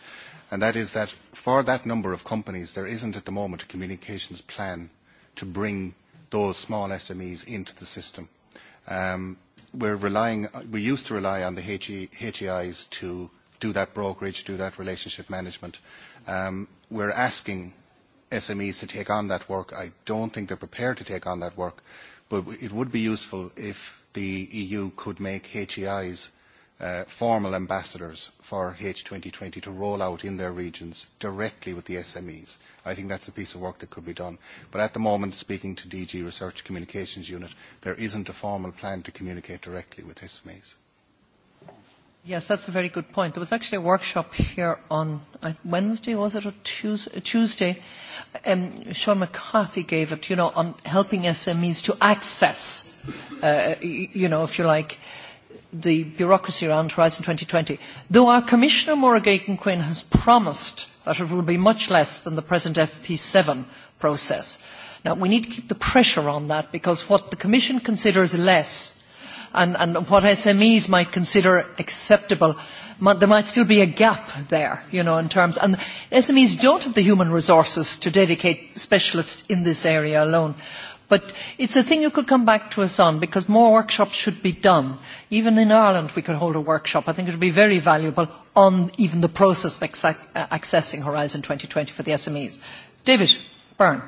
And that is that for that number of companies, there isn't at the moment a communications plan to bring those small SMEs into the system. We're relying, we used to rely on the HEIs to do that brokerage, do that relationship management. We're asking SMEs to take on that work. I don't think they're prepared to take on that work, but it would be useful if the EU could make HEIs formal ambassadors for H2020 to roll out in their regions directly with the SMEs. I think that's a piece of work that could be done. But at the moment, speaking to DG Research Communications Unit, there isn't a formal plan to communicate directly with SMEs. Yes, that's a very good point. There was actually a workshop here on Wednesday, was it, or Tuesday? Sean McCarthy gave it, you know, on helping SMEs to access, you know, if you like, the bureaucracy around Horizon 2020. Though our Commissioner, Maura Gagan-Quinn, has promised that it will be much less than the present FP7 process. Now, we need to keep the pressure on that because what the Commission considers less and what SMEs might consider acceptable, there might still be a gap there, you know, in terms. And SMEs don't have the human resources to dedicate specialists in this area alone. But it's a thing you could come back to us on because more workshops should be done. Even in Ireland we could hold a workshop. I think it would be very valuable on even the process of accessing Horizon 2020 for the SMEs. David Byrne.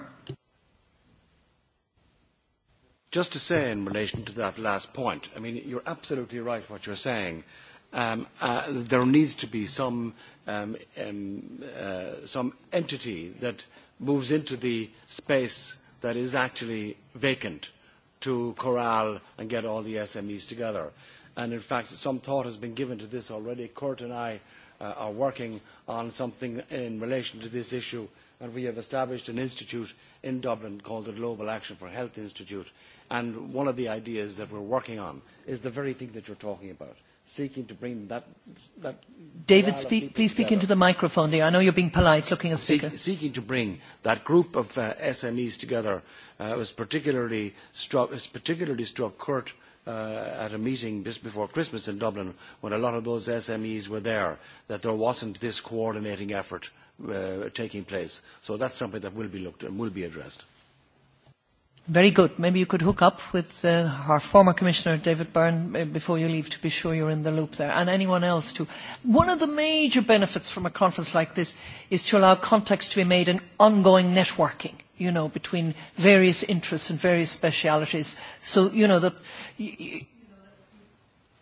Just to say in relation to that last point, I mean, you're absolutely right what you're saying. There needs to be some entity that moves into the space that is actually vacant to corral and get all the SMEs together. And in fact, some thought has been given to this already. Kurt and I are working on something in relation to this issue, and we have established an institute in Dublin called the Global Action for Health Institute And one of the ideas that we're working on is the very thing that you're talking about, seeking to bring that. David, please speak into the microphone there. I know you're being polite, looking at speaker. Seeking to bring that group of SMEs together was particularly struck Kurt at a meeting just before Christmas in Dublin when a lot of those SMEs were there, that there wasn't this coordinating effort taking place. So that's something that will be looked and will be addressed. Very good. Maybe you could hook up with our former Commissioner David Byrne before you leave to be sure you're in the loop there, and anyone else too. One of the major benefits from a conference like this is to allow contacts to be made and ongoing networking, you know, between various interests and various specialities, so you know that you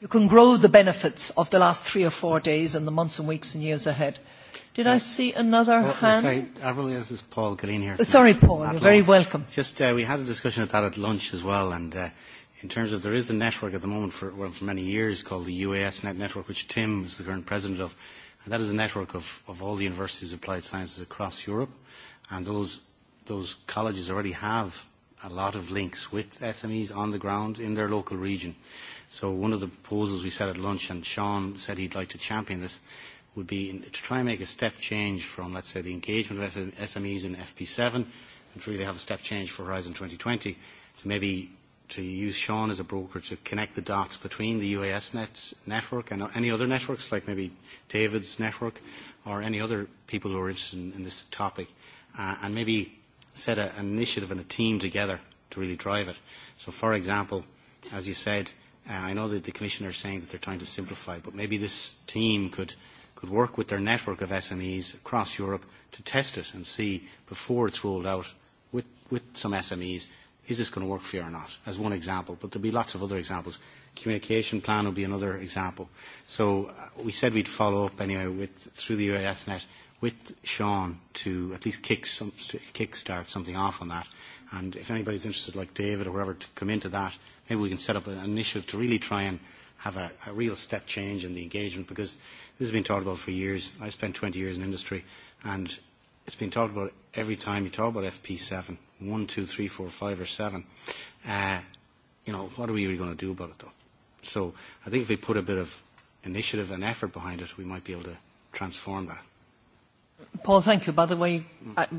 can grow the benefits of the last three or four days and the months and weeks and years ahead. Did I see another hand? Sorry, Paul you're very welcome. Just, we had a discussion of that at lunch as well, and in terms of there is a network at the moment for, well, for many years called the UAS Network, which Tim is the current president of, and that is a network of, of all the universities of applied sciences across Europe, and those, those colleges already have a lot of links with SMEs on the ground in their local region. So one of the proposals we said at lunch, and Sean said he'd like to champion this, would be to try and make a step change from, let's say, the engagement of SMEs in FP7 and to really have a step change for Horizon 2020 to maybe to use Sean as a broker to connect the dots between the UAS network and any other networks, like maybe David's network or any other people who are interested in this topic, and maybe set an initiative and a team together to really drive it. So, for example, as you said, I know that the Commissioner is saying that they're trying to simplify, but maybe this team could could work with their network of SMEs across Europe to test it and see before it's rolled out with with some SMEs, is this going to work for you or not, as one example. But there'll be lots of other examples. Communication plan will be another example. So we said we'd follow up anyway with through the UASnet with Sean to at least kick some start something off on that. And if anybody's interested, like David or whoever, to come into that, maybe we can set up an initiative to really try and have a real step change in the engagement because This has been talked about for years. I spent 20 years in industry, and it's been talked about every time you talk about FP7, one, two, three, four, five, or seven. You know, what are we really going to do about it, though? So I think if we put a bit of initiative and effort behind it, we might be able to transform that. Paul, thank you. By the way,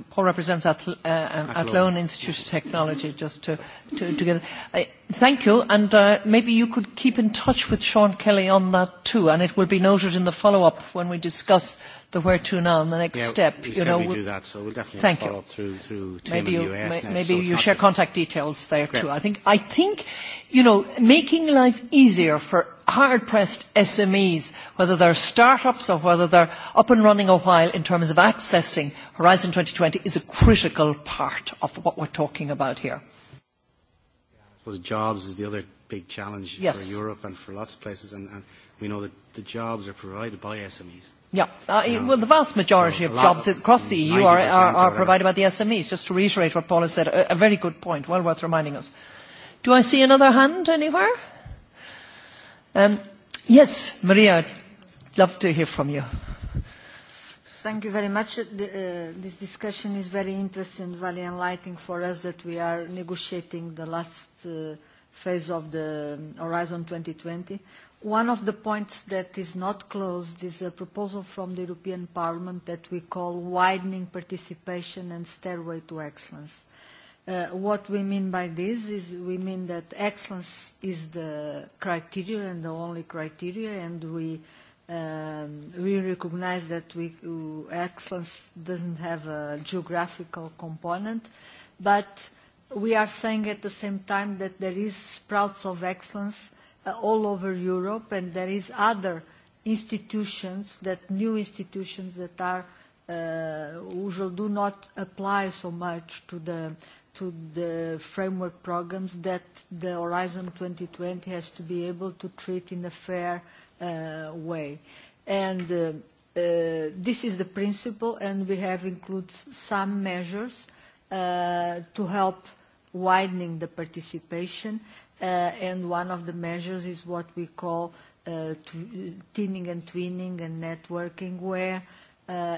Paul represents Athlone Institute of Technology, just to get it. Thank you, and maybe you could keep in touch with Sean Kelly on that too, and it will be noted in the follow-up when we discuss the where to now and the next step. You know, we do that, so we'll definitely follow up through through maybe you, Maybe you share contact details there too. I think I think, you know, making life easier for hard pressed SMEs, whether they're startups or whether they're up and running a while in terms of accessing Horizon 2020 is a critical part of what we're talking about here. I jobs is the other big challenge for Europe and for lots of places, and we know that the jobs are provided by SMEs Yeah. Well, the vast majority of jobs across the EU are are provided by the SMEs. Just to reiterate what Paula said, a very good point, well worth reminding us. Do I see another hand anywhere? Yes, Maria, I'd love to hear from you. Thank you very much. This discussion is very interesting, very enlightening for us that we are negotiating the last phase of the Horizon 2020 One of the points that is not closed is a proposal from the European Parliament that we call widening participation and stairway to excellence. What we mean by this is we mean that excellence is the criteria and the only criteria, and we we recognize that excellence doesn't have a geographical component, but we are saying at the same time that there is sprouts of excellence all over Europe, and there is other institutions, that new institutions that are usual do not apply so much to the to the framework programs that the Horizon 2020 has to be able to treat in a fair way. And this is the principle, and we have included some measures to help widening the participation and one of the measures is what we call teaming and twinning and networking, where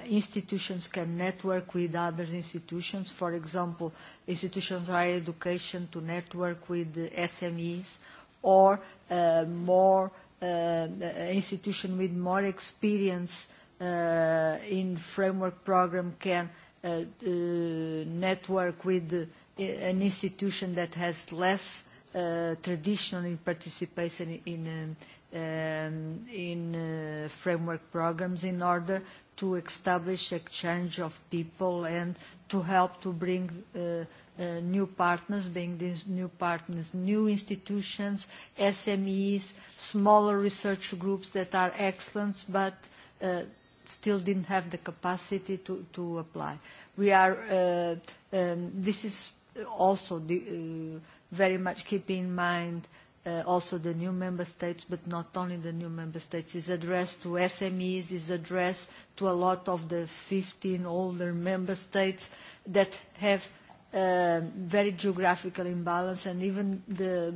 institutions can network with other institutions. For example, institutions of higher education to network with SMEs or more institution with more experience in framework program can network with an institution that has less traditionally participation in in framework programs in order to establish exchange of people and to help to bring new partners, bring these new partners, new institutions, SMEs, smaller research groups that are excellent but still didn't have the capacity to apply. We are, this is also the very much keep in mind also the new member states, but not only the new member states. It's addressed to SMEs, is addressed to a lot of the 15 older member states that have very geographical imbalance and even the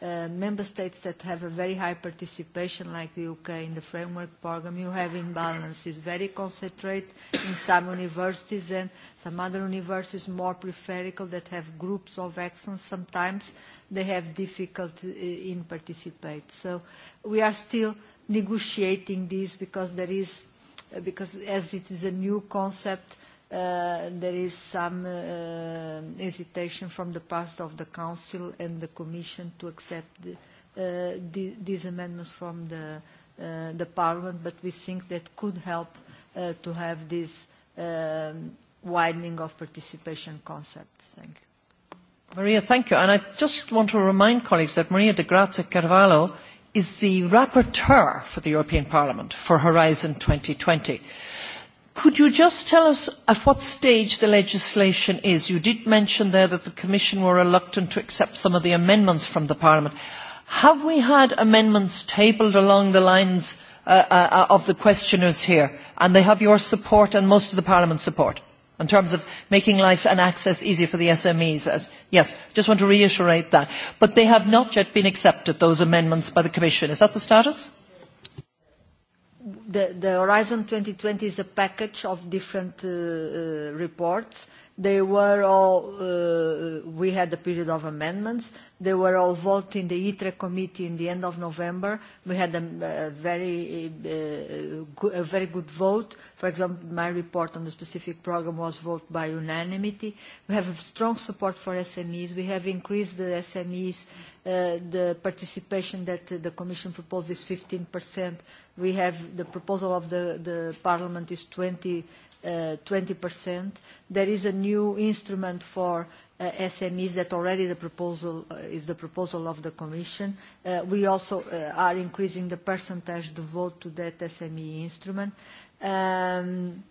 member states that have a very high participation, like the UK in the framework program, you have imbalances, very concentrated in some universities and some other universities more peripheral that have groups of excellence. Sometimes they have difficulty in participating. So we are still negotiating this because there is, because as it is a new concept, There is some hesitation from the part of the Council and the Commission to accept these amendments from the Parliament, but we think that could help to have this widening of participation concept. Thank you. Maria, thank you. And I just want to remind colleagues that Maria de Grazia Carvalho is the rapporteur for the European Parliament for Horizon 2020. Could you just tell us at what stage the legislation is? You did mention there that the Commission were reluctant to accept some of the amendments from the Parliament. Have we had amendments tabled along the lines of the questioners here? And they have your support and most of the Parliament's support in terms of making life and access easier for the SMEs. Yes, just want to reiterate that. But they have not yet been accepted, those amendments by the Commission. Is that the status? The Horizon 2020 is a package of different reports. They were all, we had a period of amendments. They were all voted in the ITRE committee in the end of November. We had a very good vote. For example, my report on the specific program was voted by unanimity. We have strong support for SMEs. We have increased the SMEs. The participation that the Commission proposed is 15%. We have the proposal of the Parliament is 20 There is a new instrument for SMEs that already the proposal is the proposal of the Commission. We also are increasing the percentage vote to that SME instrument. And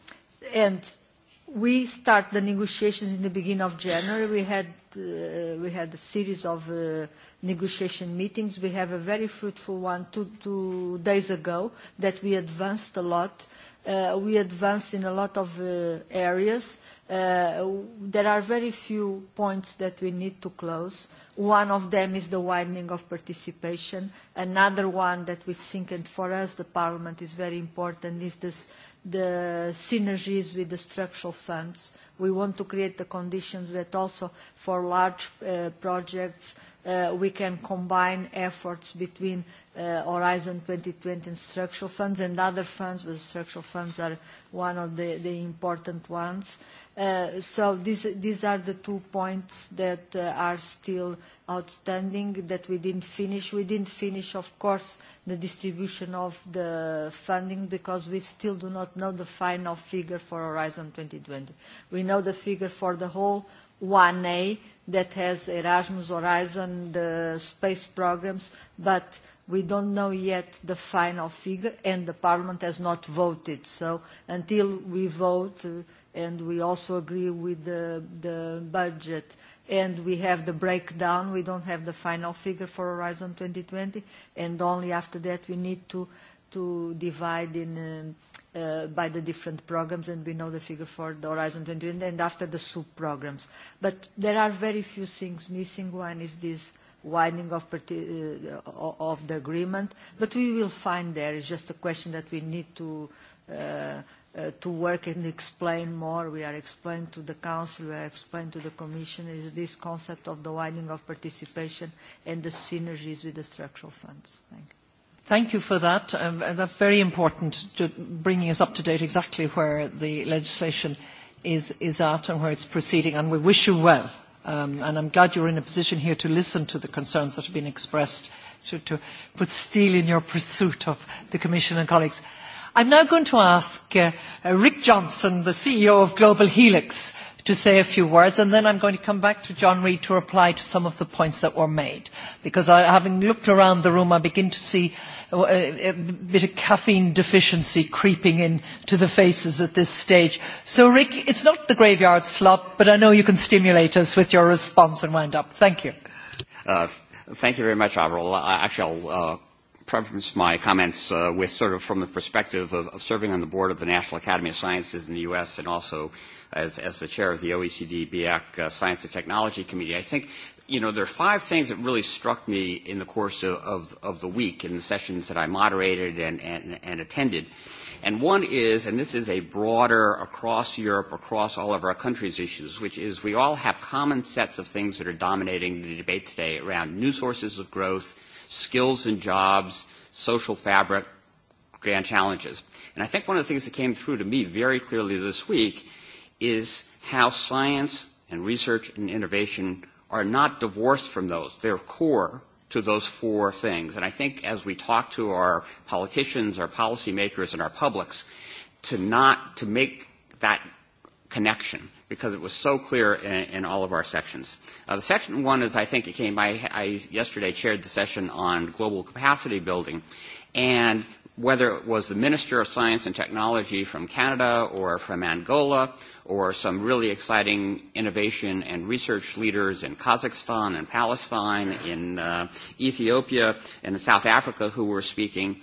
we start the negotiations in the beginning of January. We had a series of negotiation meetings. We have a very fruitful one two days ago that we advanced a lot. We advanced in a lot of areas. There are very few points that we need to close. One of them is the widening of participation. Another one that we think, and for us the Parliament is very important, is the synergies with the structural funds. We want to create the conditions that also for large projects we can combine efforts between Horizon 2020 and structural funds and other funds, but structural funds are one of the important ones. So these are the two points that are still outstanding that we didn't finish. We didn't finish, of course, the distribution of the funding because we still do not know the final figure for Horizon 2020. We know the figure for the whole 1A, that has Erasmus, Horizon, the space programs, but we don't know yet the final figure, and the Parliament has not voted. So until we vote, and we also agree with the budget, and we have the breakdown, we don't have the final figure for Horizon 2020, and only after that we need to divide in by the different programs, and we know the figure for the Horizon 2020 and after the sub-programs. But there are very few things missing. One is this widening of the agreement, but we will find there. It's just a question that we need to to work and explain more. We are explaining to the Council, we are explaining to the Commission, is this concept of the widening of participation and the synergies with the structural funds. Thank you. Thank you for that. That's very important to bringing us up to date exactly where the legislation is is at and where it's proceeding. And we wish you well. And I'm glad you're in a position here to listen to the concerns that have been expressed, to put steel in your pursuit of the Commission and colleagues. I'm now going to ask Rick Johnson, the CEO of Global Helix, to say a few words, and then I'm going to come back to John Reid to reply to some of the points that were made. Because I having looked around the room, I begin to see a bit of caffeine deficiency creeping in to the faces at this stage. So, Rick, it's not the graveyard slot, but I know you can stimulate us with your response and wind up. Thank you. Thank you very much, Avril. Actually, I'll preference my comments with sort of from the perspective of serving on the board of the National Academy of Sciences in the U.S. and also as the chair of the OECD BIAC Science and Technology Committee. I think you know, there are five things that really struck me in the course of, of, the week in the sessions that I moderated and, and, and attended. And one is, and this is a broader across Europe, across all of our countries issues, which is we all have common sets of things that are dominating the debate today around new sources of growth, skills and jobs, social fabric, grand challenges. And I think one of the things that came through to me very clearly this week is how science and research and innovation are not divorced from those. They're core to those four things. And I think as we talk to our politicians, our policymakers, and our publics, to not to make that connection because it was so clear in all of our sections. The section one is I think it came I yesterday chaired the session on global capacity building and whether it was the Minister of Science and Technology from Canada or from Angola or some really exciting innovation and research leaders in Kazakhstan and Palestine, in Ethiopia and South Africa who were speaking,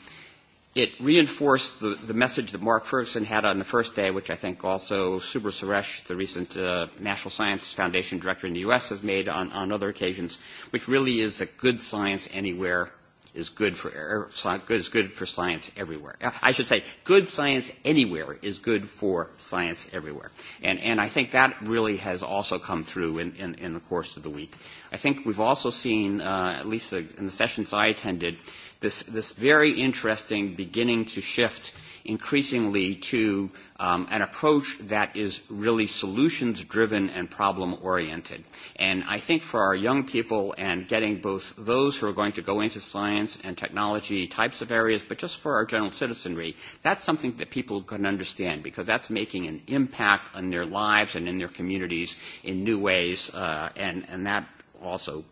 it reinforced the, the message that Mark Ferguson had on the first day, which I think also Subra Suresh, the recent National Science Foundation director in the U.S., has made on, on other occasions, which really is that good science anywhere is good for is good for science everywhere. I should say good science anywhere is good for science everywhere. And and I think that really has also come through in in in the course of the week. I think we've also seen, at least in the sessions I attended, this this very interesting beginning to shift increasingly to an approach that is really solutions-driven and problem-oriented. And I think for our young people and getting both those who are going to go into science and technology types of areas, but just for our general citizenry, that's something that people can understand because that's making an impact on their lives and in their communities in new ways, and that also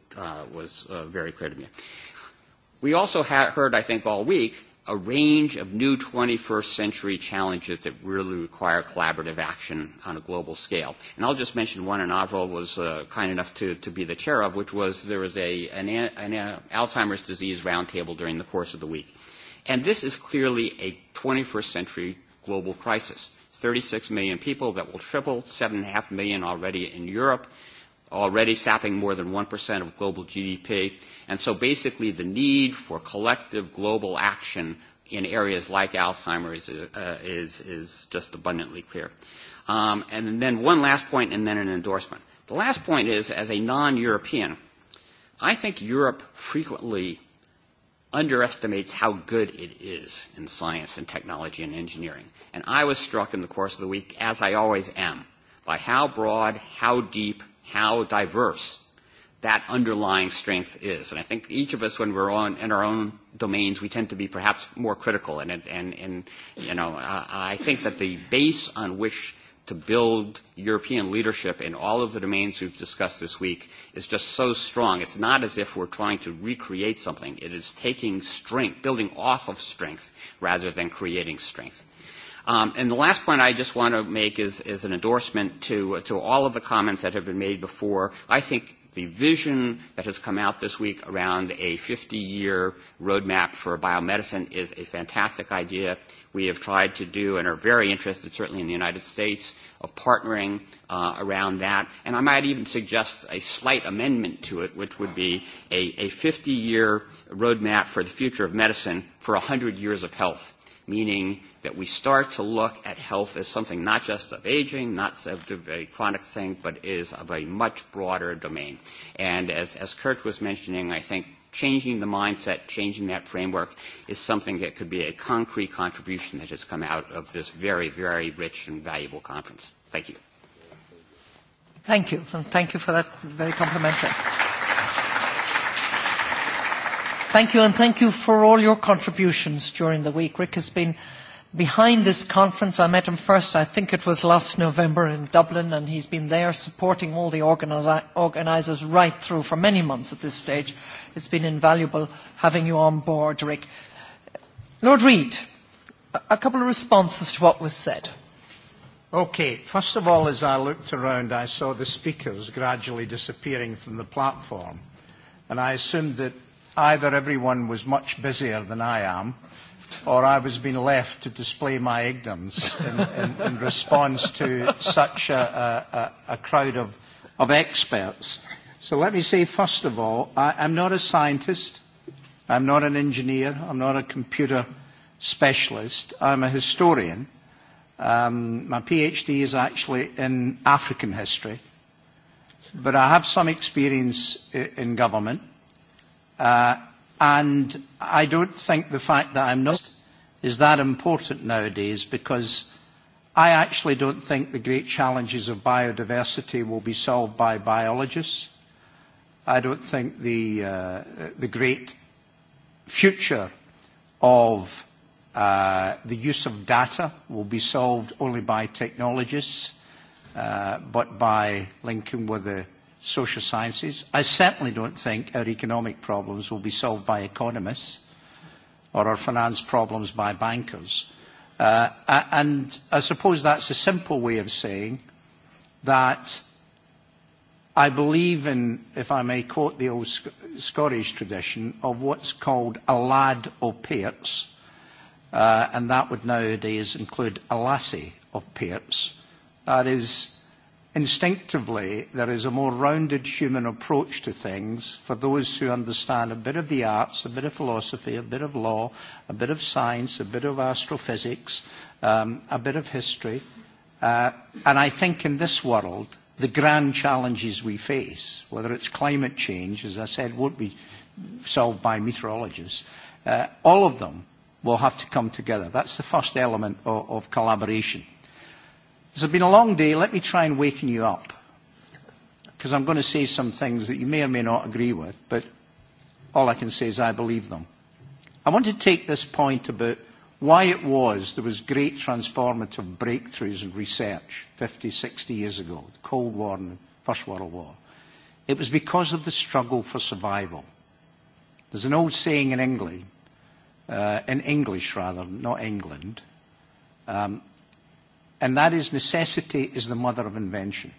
was very clear to me. We also heard, I think, all week a range of new 21st century challenges that really require collaborative action on a global scale. And I'll just mention one, and Avril was kind enough to, to be the chair of, which was there was a, an, an Alzheimer's disease roundtable during the course of the week. And this is clearly a 21st century global crisis. 36 million people that will triple, 7.5 million already in Europe already sapping more than 1% of global GDP. And so basically the need for collective global action in areas like Alzheimer's is just abundantly clear. And then one last point and then an endorsement. The last point is, as a non-European, I think Europe frequently underestimates how good it is in science and technology and engineering. And I was struck in the course of the week, as I always am, by how broad, how deep, how diverse that underlying strength is. And I think each of us, when we're on in our own domains, we tend to be perhaps more critical. And, and you know, I think that the base on which to build European leadership in all of the domains we've discussed this week is just so strong. It's not as if we're trying to recreate something. It is taking strength, building off of strength, rather than creating strength. And the last point I just want to make is an endorsement to all of the comments that have been made before. I think the vision that has come out this week around a 50-year roadmap for biomedicine is a fantastic idea. We have tried to do and are very interested, certainly in the United States, of partnering around that. And I might even suggest a slight amendment to it, which would be a 50-year roadmap for the future of medicine for 100 years of health, meaning that we start to look at health as something not just of aging, not of a chronic thing, but is of a much broader domain. And as, as Kurt was mentioning, I think changing the mindset, changing that framework is something that could be a concrete contribution that has come out of this very, very rich and valuable conference. Thank you. Thank you. And thank you for that very complimentary. Thank you, and thank you for all your contributions during the week. Rick has been behind this conference. I met him first, I think it was last November in Dublin, and he's been there supporting all the organisers right through for many months at this stage. It's been invaluable having you on board, Rick. Lord Reid, a couple of responses to what was said. Okay, first of all, as I looked around, I saw the speakers gradually disappearing from the platform, and I assumed that either everyone was much busier than I am, or I was being left to display my ignorance in response to such a crowd of experts. So let me say, first of all, I I'm not a scientist. I'm not an engineer. I'm not a computer specialist. I'm a historian. My PhD is actually in African history. But I have some experience in government. And I don't think the fact that I'm not is that important nowadays because I actually don't think the great challenges of biodiversity will be solved by biologists. I don't think the the great future of the use of data will be solved only by technologists, but by linking with the social sciences. I certainly don't think our economic problems will be solved by economists or our finance problems by bankers. And I suppose that's a simple way of saying that I believe in, if I may quote the old Scottish tradition, of what's called a lad of uh, and that would nowadays include a lassie of peers That is, instinctively there is a more rounded human approach to things for those who understand a bit of the arts, a bit of philosophy, a bit of law, a bit of science, a bit of astrophysics, a bit of history. And I think in this world, the grand challenges we face, whether it's climate change, as I said, won't be solved by meteorologists, all of them will have to come together. That's the first element of collaboration. It's been a long day. Let me try and waken you up. Because I'm going to say some things that you may or may not agree with, but all I can say is I believe them. I want to take this point about why it was there was great transformative breakthroughs in research 50, 60 years ago, the Cold War and the First World War. It was because of the struggle for survival. There's an old saying in England, in English rather, not England, um, and that is necessity is the mother of invention.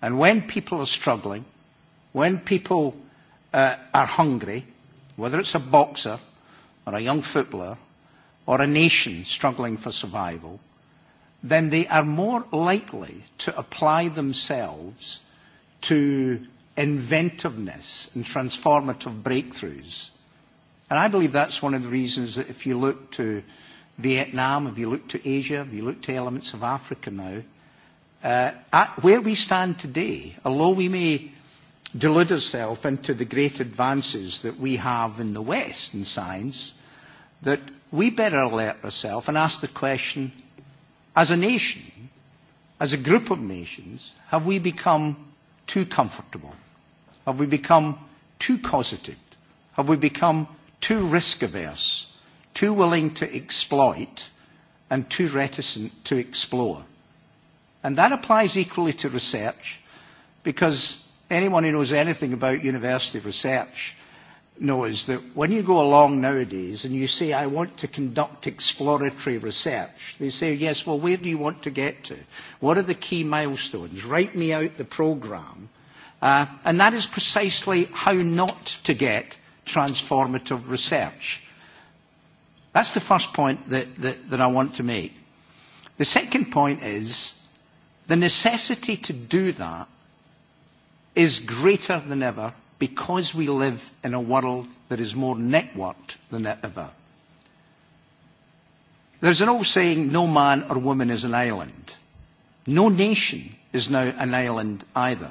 And when people are struggling, when people uh, are hungry, whether it's a boxer or a young footballer or a nation struggling for survival, then they are more likely to apply themselves to inventiveness and transformative breakthroughs. And I believe that's one of the reasons that if you look to Vietnam, have you look to Asia, Have you look to elements of Africa now, at where we stand today, although we may delude ourselves into the great advances that we have in the West in science, that we better alert ourselves and ask the question, as a nation, as a group of nations, have we become too comfortable? Have we become too cosseted? Have we become too risk-averse? too willing to exploit and too reticent to explore. And that applies equally to research because anyone who knows anything about university research knows that when you go along nowadays and you say, I want to conduct exploratory research, they say, yes, well, where do you want to get to? What are the key milestones? Write me out the programme. And that is precisely how not to get transformative research. That's the first point that, that, I want to make. The second point is the necessity to do that is greater than ever because we live in a world that is more networked than ever. There's an old saying, no man or woman is an island. No nation is now an island either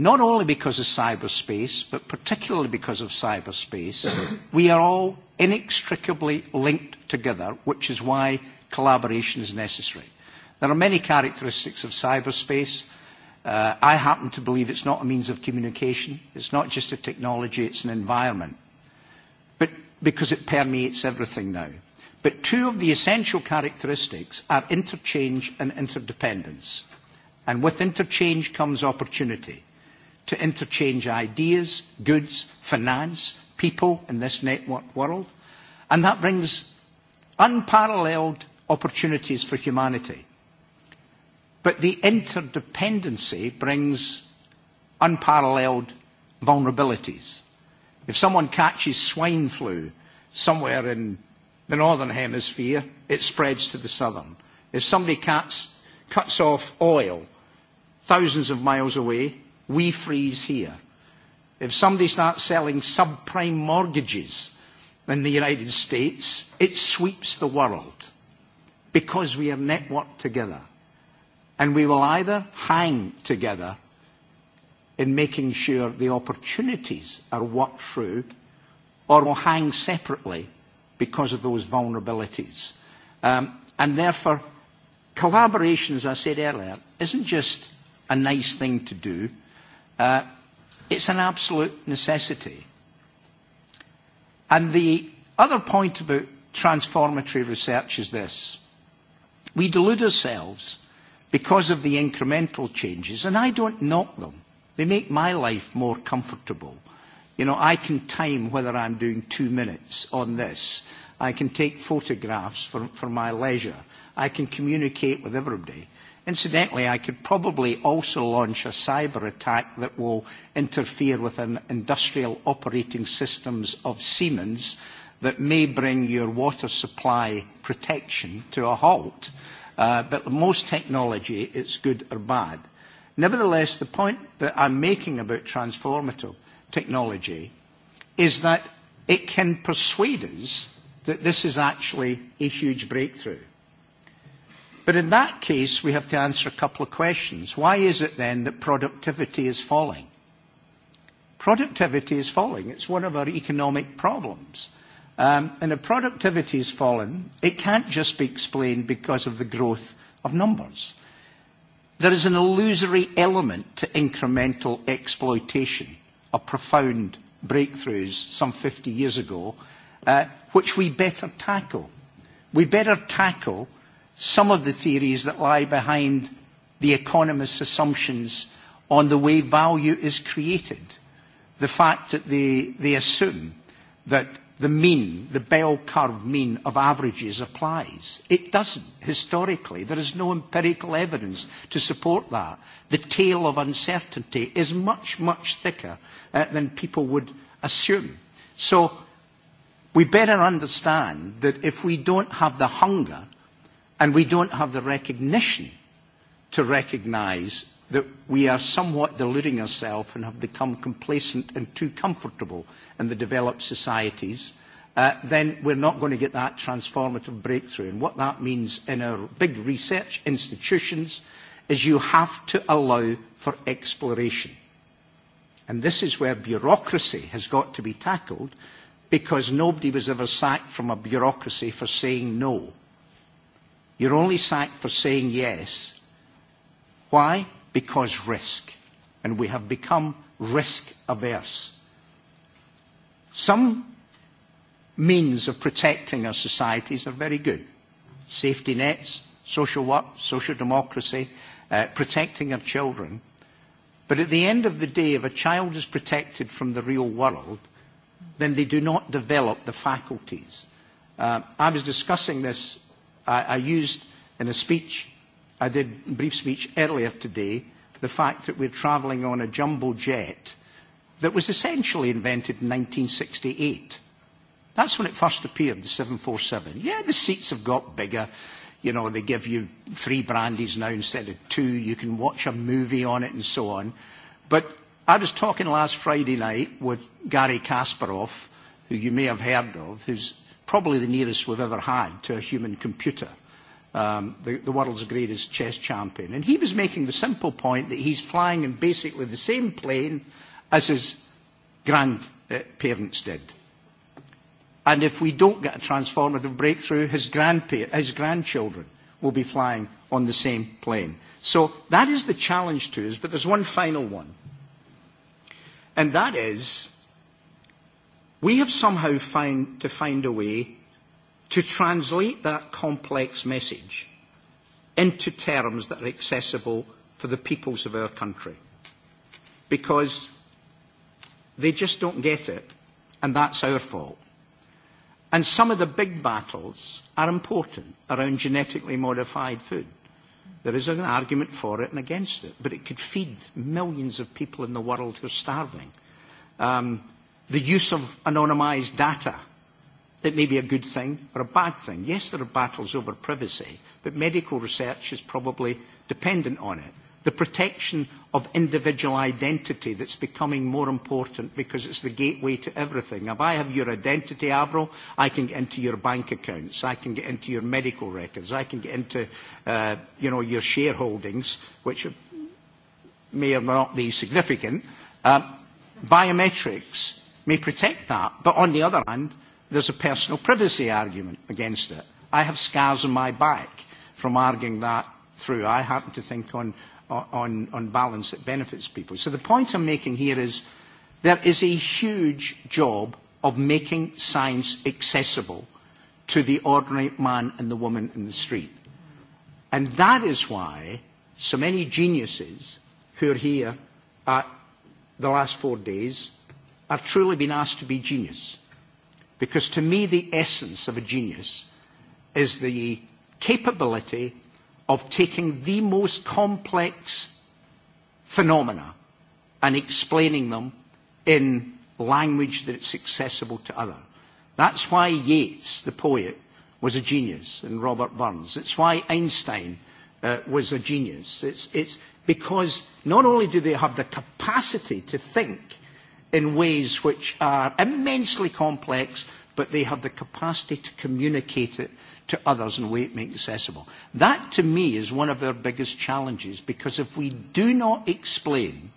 not only because of cyberspace, but particularly because of cyberspace, we are all inextricably linked together, which is why collaboration is necessary. There are many characteristics of cyberspace. I happen to believe it's not a means of communication. It's not just a technology, it's an environment. But because it permeates everything now. But two of the essential characteristics are interchange and interdependence. And with interchange comes opportunity to interchange ideas, goods, finance, people in this network world. And that brings unparalleled opportunities for humanity. But the interdependency brings unparalleled vulnerabilities. If someone catches swine flu somewhere in the northern hemisphere, it spreads to the southern. If somebody cuts off oil thousands of miles away, we freeze here. If somebody starts selling subprime mortgages in the United States, it sweeps the world because we are networked together. And we will either hang together in making sure the opportunities are worked through or will hang separately because of those vulnerabilities. And therefore, collaboration, as I said earlier, isn't just a nice thing to do. It's an absolute necessity. And the other point about transformatory research is this. We delude ourselves because of the incremental changes, and I don't knock them. They make my life more comfortable. You know, I can time whether I'm doing two minutes on this. I can take photographs for, for my leisure. I can communicate with everybody. Incidentally, I could probably also launch a cyber attack that will interfere with an industrial operating systems of Siemens that may bring your water supply protection to a halt. But most technology, it's good or bad. Nevertheless, the point that I'm making about transformative technology is that it can persuade us that this is actually a huge breakthrough. But in that case, we have to answer a couple of questions. Why is it then that productivity is falling? Productivity is falling. It's one of our economic problems. And if productivity has fallen, it can't just be explained because of the growth of numbers. There is an illusory element to incremental exploitation of profound breakthroughs some 50 years ago, which we better tackle. We better tackle some of the theories that lie behind the economists' assumptions on the way value is created. The fact that they, they assume that the mean, the bell curve mean of averages applies. It doesn't, historically. There is no empirical evidence to support that. The tail of uncertainty is much, much thicker than people would assume. So we better understand that if we don't have the hunger And we don't have the recognition to recognise that we are somewhat deluding ourselves and have become complacent and too comfortable in the developed societies, then we're not going to get that transformative breakthrough. And what that means in our big research institutions is you have to allow for exploration. And this is where bureaucracy has got to be tackled because nobody was ever sacked from a bureaucracy for saying no. You're only sacked for saying yes. Why? Because risk. And we have become risk averse. Some means of protecting our societies are very good. Safety nets, social work, social democracy, protecting our children. But at the end of the day, if a child is protected from the real world, then they do not develop the faculties. I was discussing this I used in a speech, I did a brief speech earlier today, the fact that we're travelling on a jumbo jet that was essentially invented in 1968. That's when it first appeared, the 747. Yeah, the seats have got bigger. You know, they give you three brandies now instead of two. You can watch a movie on it and so on. But I was talking last Friday night with Gary Kasparov, who you may have heard of, who's probably the nearest we've ever had to a human computer, the the world's greatest chess champion. And he was making the simple point that he's flying in basically the same plane as his grandparents did. And if we don't get a transformative breakthrough, his his grandchildren will be flying on the same plane. So that is the challenge to us. But there's one final one. And that is We have somehow found to find a way to translate that complex message into terms that are accessible for the peoples of our country. Because they just don't get it, and that's our fault. And some of the big battles are important around genetically modified food. There is an argument for it and against it, but it could feed millions of people in the world who are starving. Um, the use of anonymised data. It may be a good thing or a bad thing. Yes, there are battles over privacy, but medical research is probably dependent on it. The protection of individual identity that's becoming more important because it's the gateway to everything. If I have your identity, Avril, I can get into your bank accounts, I can get into your medical records, I can get into, you know, your shareholdings, which may or may not be significant. Biometrics may protect that, but on the other hand, there's a personal privacy argument against it. I have scars on my back from arguing that through. I happen to think on, on, on balance it benefits people. So the point I'm making here is there is a huge job of making science accessible to the ordinary man and the woman in the street. And that is why so many geniuses who are here at the last four days are truly been asked to be genius. Because to me the essence of a genius is the capability of taking the most complex phenomena and explaining them in language that is accessible to others. That's why Yeats, the poet, was a genius, and Robert Burns. It's why Einstein was a genius. It's because not only do they have the capacity to think in ways which are immensely complex, but they have the capacity to communicate it to others in a way it makes accessible. That, to me, is one of our biggest challenges, because if we do not explain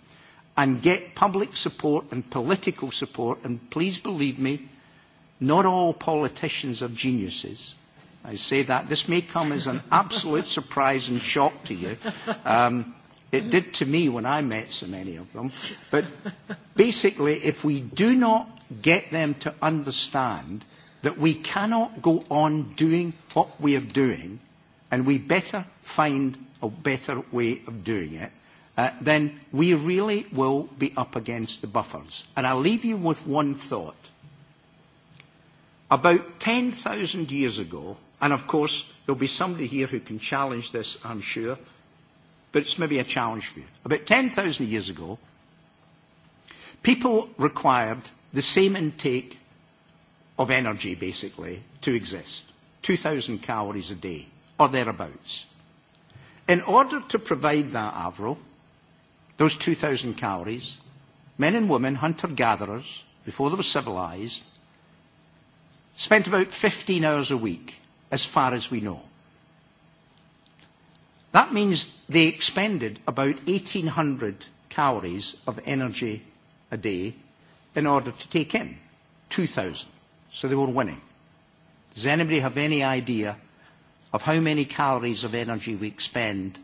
and get public support and political support, and please believe me, not all politicians are geniuses. I say that. This may come as an absolute surprise and shock to you. Um, It did to me when I met so many of them. But basically, if we do not get them to understand that we cannot go on doing what we are doing, and we better find a better way of doing it, then we really will be up against the buffers. And I'll leave you with one thought. About 10,000 years ago, and of course there'll be somebody here who can challenge this, I'm sure, but it's maybe a challenge for you. About 10,000 years ago, people required the same intake of energy, basically, to exist, 2,000 calories a day, or thereabouts. In order to provide that, Avro, those 2,000 calories, men and women, hunter-gatherers, before they were civilized, spent about 15 hours a week, as far as we know. That means they expended about 1,800 calories of energy a day in order to take in 2,000. So they were winning. Does anybody have any idea of how many calories of energy we expend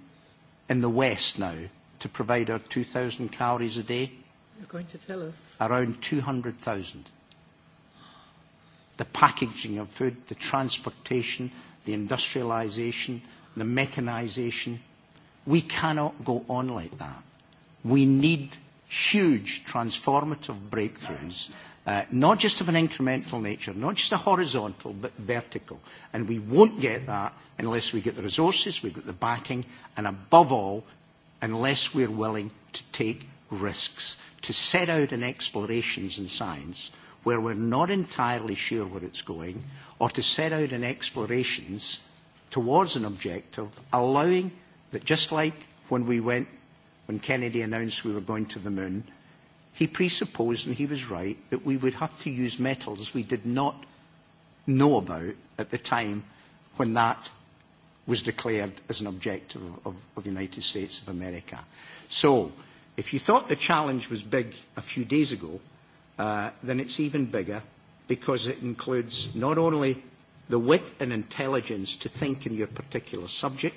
in the West now to provide our 2,000 calories a day? You're going to tell us. Around 200,000. The packaging of food, the transportation, the industrialisation, the mechanisation. We cannot go on like that. We need huge transformative breakthroughs, not just of an incremental nature, not just a horizontal, but vertical. And we won't get that unless we get the resources, we get the backing, and above all, unless we're willing to take risks, to set out in explorations in science where we're not entirely sure where it's going, or to set out in explorations towards an objective, allowing that just like when we went, when Kennedy announced we were going to the moon, he presupposed, and he was right, that we would have to use metals we did not know about at the time when that was declared as an objective of the United States of America. So, if you thought the challenge was big a few days ago, then it's even bigger because it includes not only the wit and intelligence to think in your particular subject,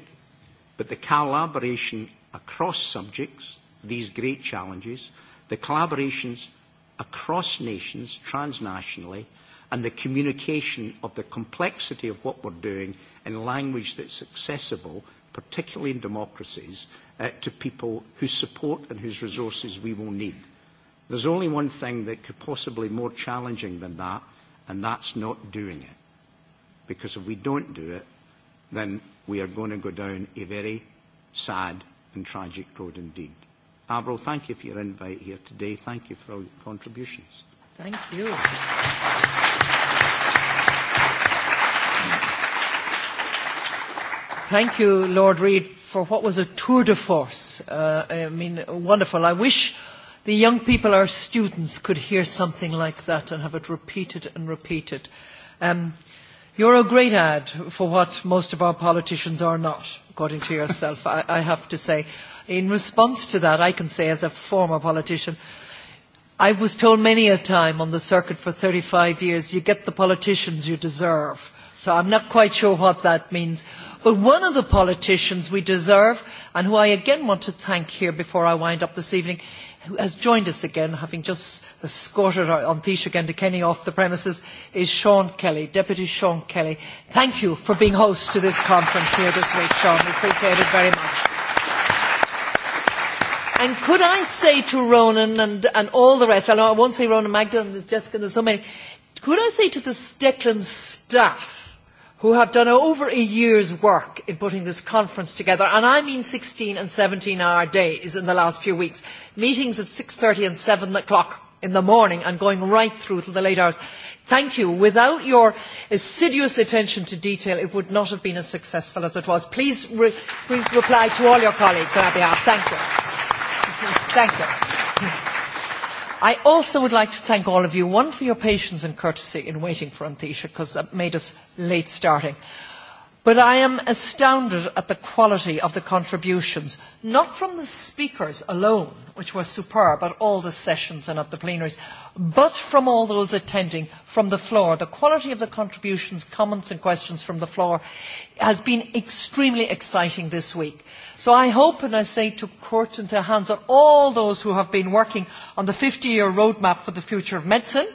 but the collaboration across subjects, these great challenges, the collaborations across nations, transnationally, and the communication of the complexity of what we're doing in language that's accessible, particularly in democracies, to people whose support and whose resources we will need. There's only one thing that could possibly be more challenging than that, and that's not doing it because if we don't do it, then we are going to go down a very sad and tragic road indeed. Avril, thank you for your invite here today. Thank you for all your contributions. Thank you. Thank you, Lord Reid, for what was a tour de force. I mean, wonderful. I wish the young people, our students, could hear something like that and have it repeated and repeated. Um, You're a great ad for what most of our politicians are not, according to yourself, I, I have to say. In response to that, I can say as a former politician, I was told many a time on the circuit for 35 years, you get the politicians you deserve. So I'm not quite sure what that means. But one of the politicians we deserve, and who I again want to thank here before I wind up this evening, who has joined us again, having just escorted our to Kenny off the premises, is Sean Kelly, Deputy Sean Kelly. Thank you for being host to this conference here this week, Sean. We appreciate it very much. And could I say to Ronan and, all the rest, I know I won't say Ronan Magdalene, Jessica, there's so many, could I say to the Steckland staff, who have done over a year's work in putting this conference together, and I mean 16 and 17-hour days in the last few weeks, meetings at 6.30 and 7 o'clock in the morning and going right through to the late hours. Thank you. Without your assiduous attention to detail, it would not have been as successful as it was. Please reply to all your colleagues on our behalf. Thank you. Thank you. I also would like to thank all of you, one for your patience and courtesy in waiting for Antisha, because that made us late starting. But I am astounded at the quality of the contributions, not from the speakers alone, which were superb at all the sessions and at the plenaries, but from all those attending from the floor. The quality of the contributions, comments and questions from the floor has been extremely exciting this week. So I hope and I say to court and to Hans all those who have been working on the 50-year roadmap for the future of medicine,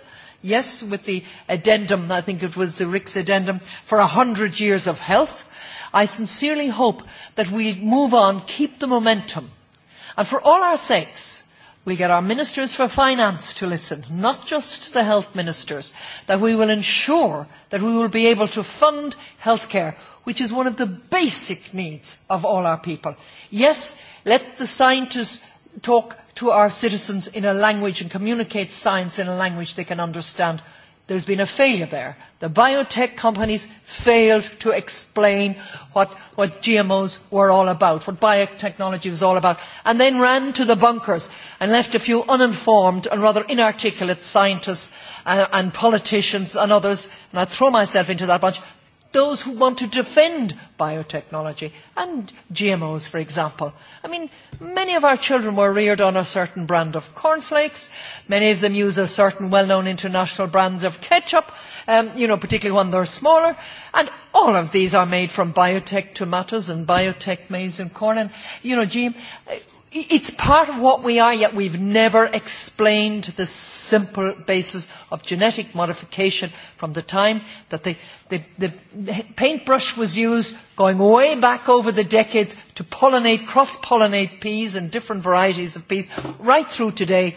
yes, with the addendum, I think it was the RICS addendum, for 100 years of health. I sincerely hope that we move on, keep the momentum. And for all our sakes, we get our ministers for finance to listen, not just the health ministers, that we will ensure that we will be able to fund healthcare, which is one of the basic needs of all our people. Yes, let the scientists talk to our citizens in a language and communicate science in a language they can understand. There's been a failure there. The biotech companies failed to explain what GMOs were all about, what biotechnology was all about, and then ran to the bunkers and left a few uninformed and rather inarticulate scientists and politicians and others, and I throw myself into that bunch, those who want to defend biotechnology and GMOs, for example. I mean, many of our children were reared on a certain brand of cornflakes. Many of them use a certain well-known international brands of ketchup, you know, particularly when they're smaller. And all of these are made from biotech tomatoes and biotech maize and corn. And, you know, GM, It's part of what we are, yet we've never explained the simple basis of genetic modification from the time that the, the, the paintbrush was used, going way back over the decades to pollinate, cross-pollinate peas and different varieties of peas, right through today.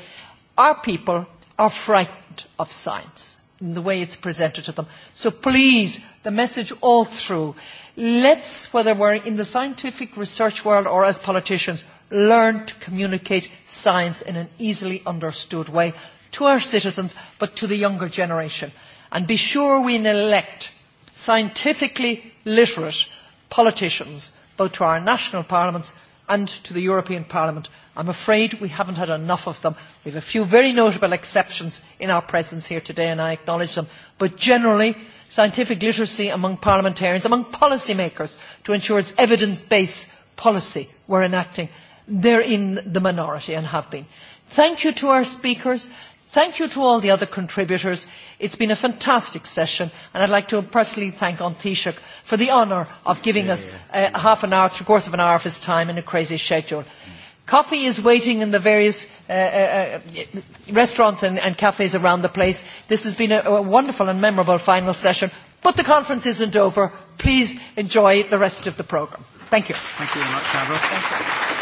Our people are frightened of science in the way it's presented to them. So please, the message all through, let's, whether we're in the scientific research world or as politicians, learn to communicate science in an easily understood way to our citizens but to the younger generation and be sure we elect scientifically literate politicians both to our national parliaments and to the European Parliament. I'm afraid we haven't had enough of them. We have a few very notable exceptions in our presence here today and I acknowledge them. But generally, scientific literacy among parliamentarians, among policymakers to ensure it's evidence-based policy we're enacting they're in the minority and have been. Thank you to our speakers. Thank you to all the other contributors. It's been a fantastic session, and I'd like to personally thank Antishuk for the honour of giving us half an hour, three quarters of an hour of his time in a crazy schedule. Coffee is waiting in the various restaurants and cafes around the place. This has been a wonderful and memorable final session, but the conference isn't over. Please enjoy the rest of the programme. Thank you. Thank you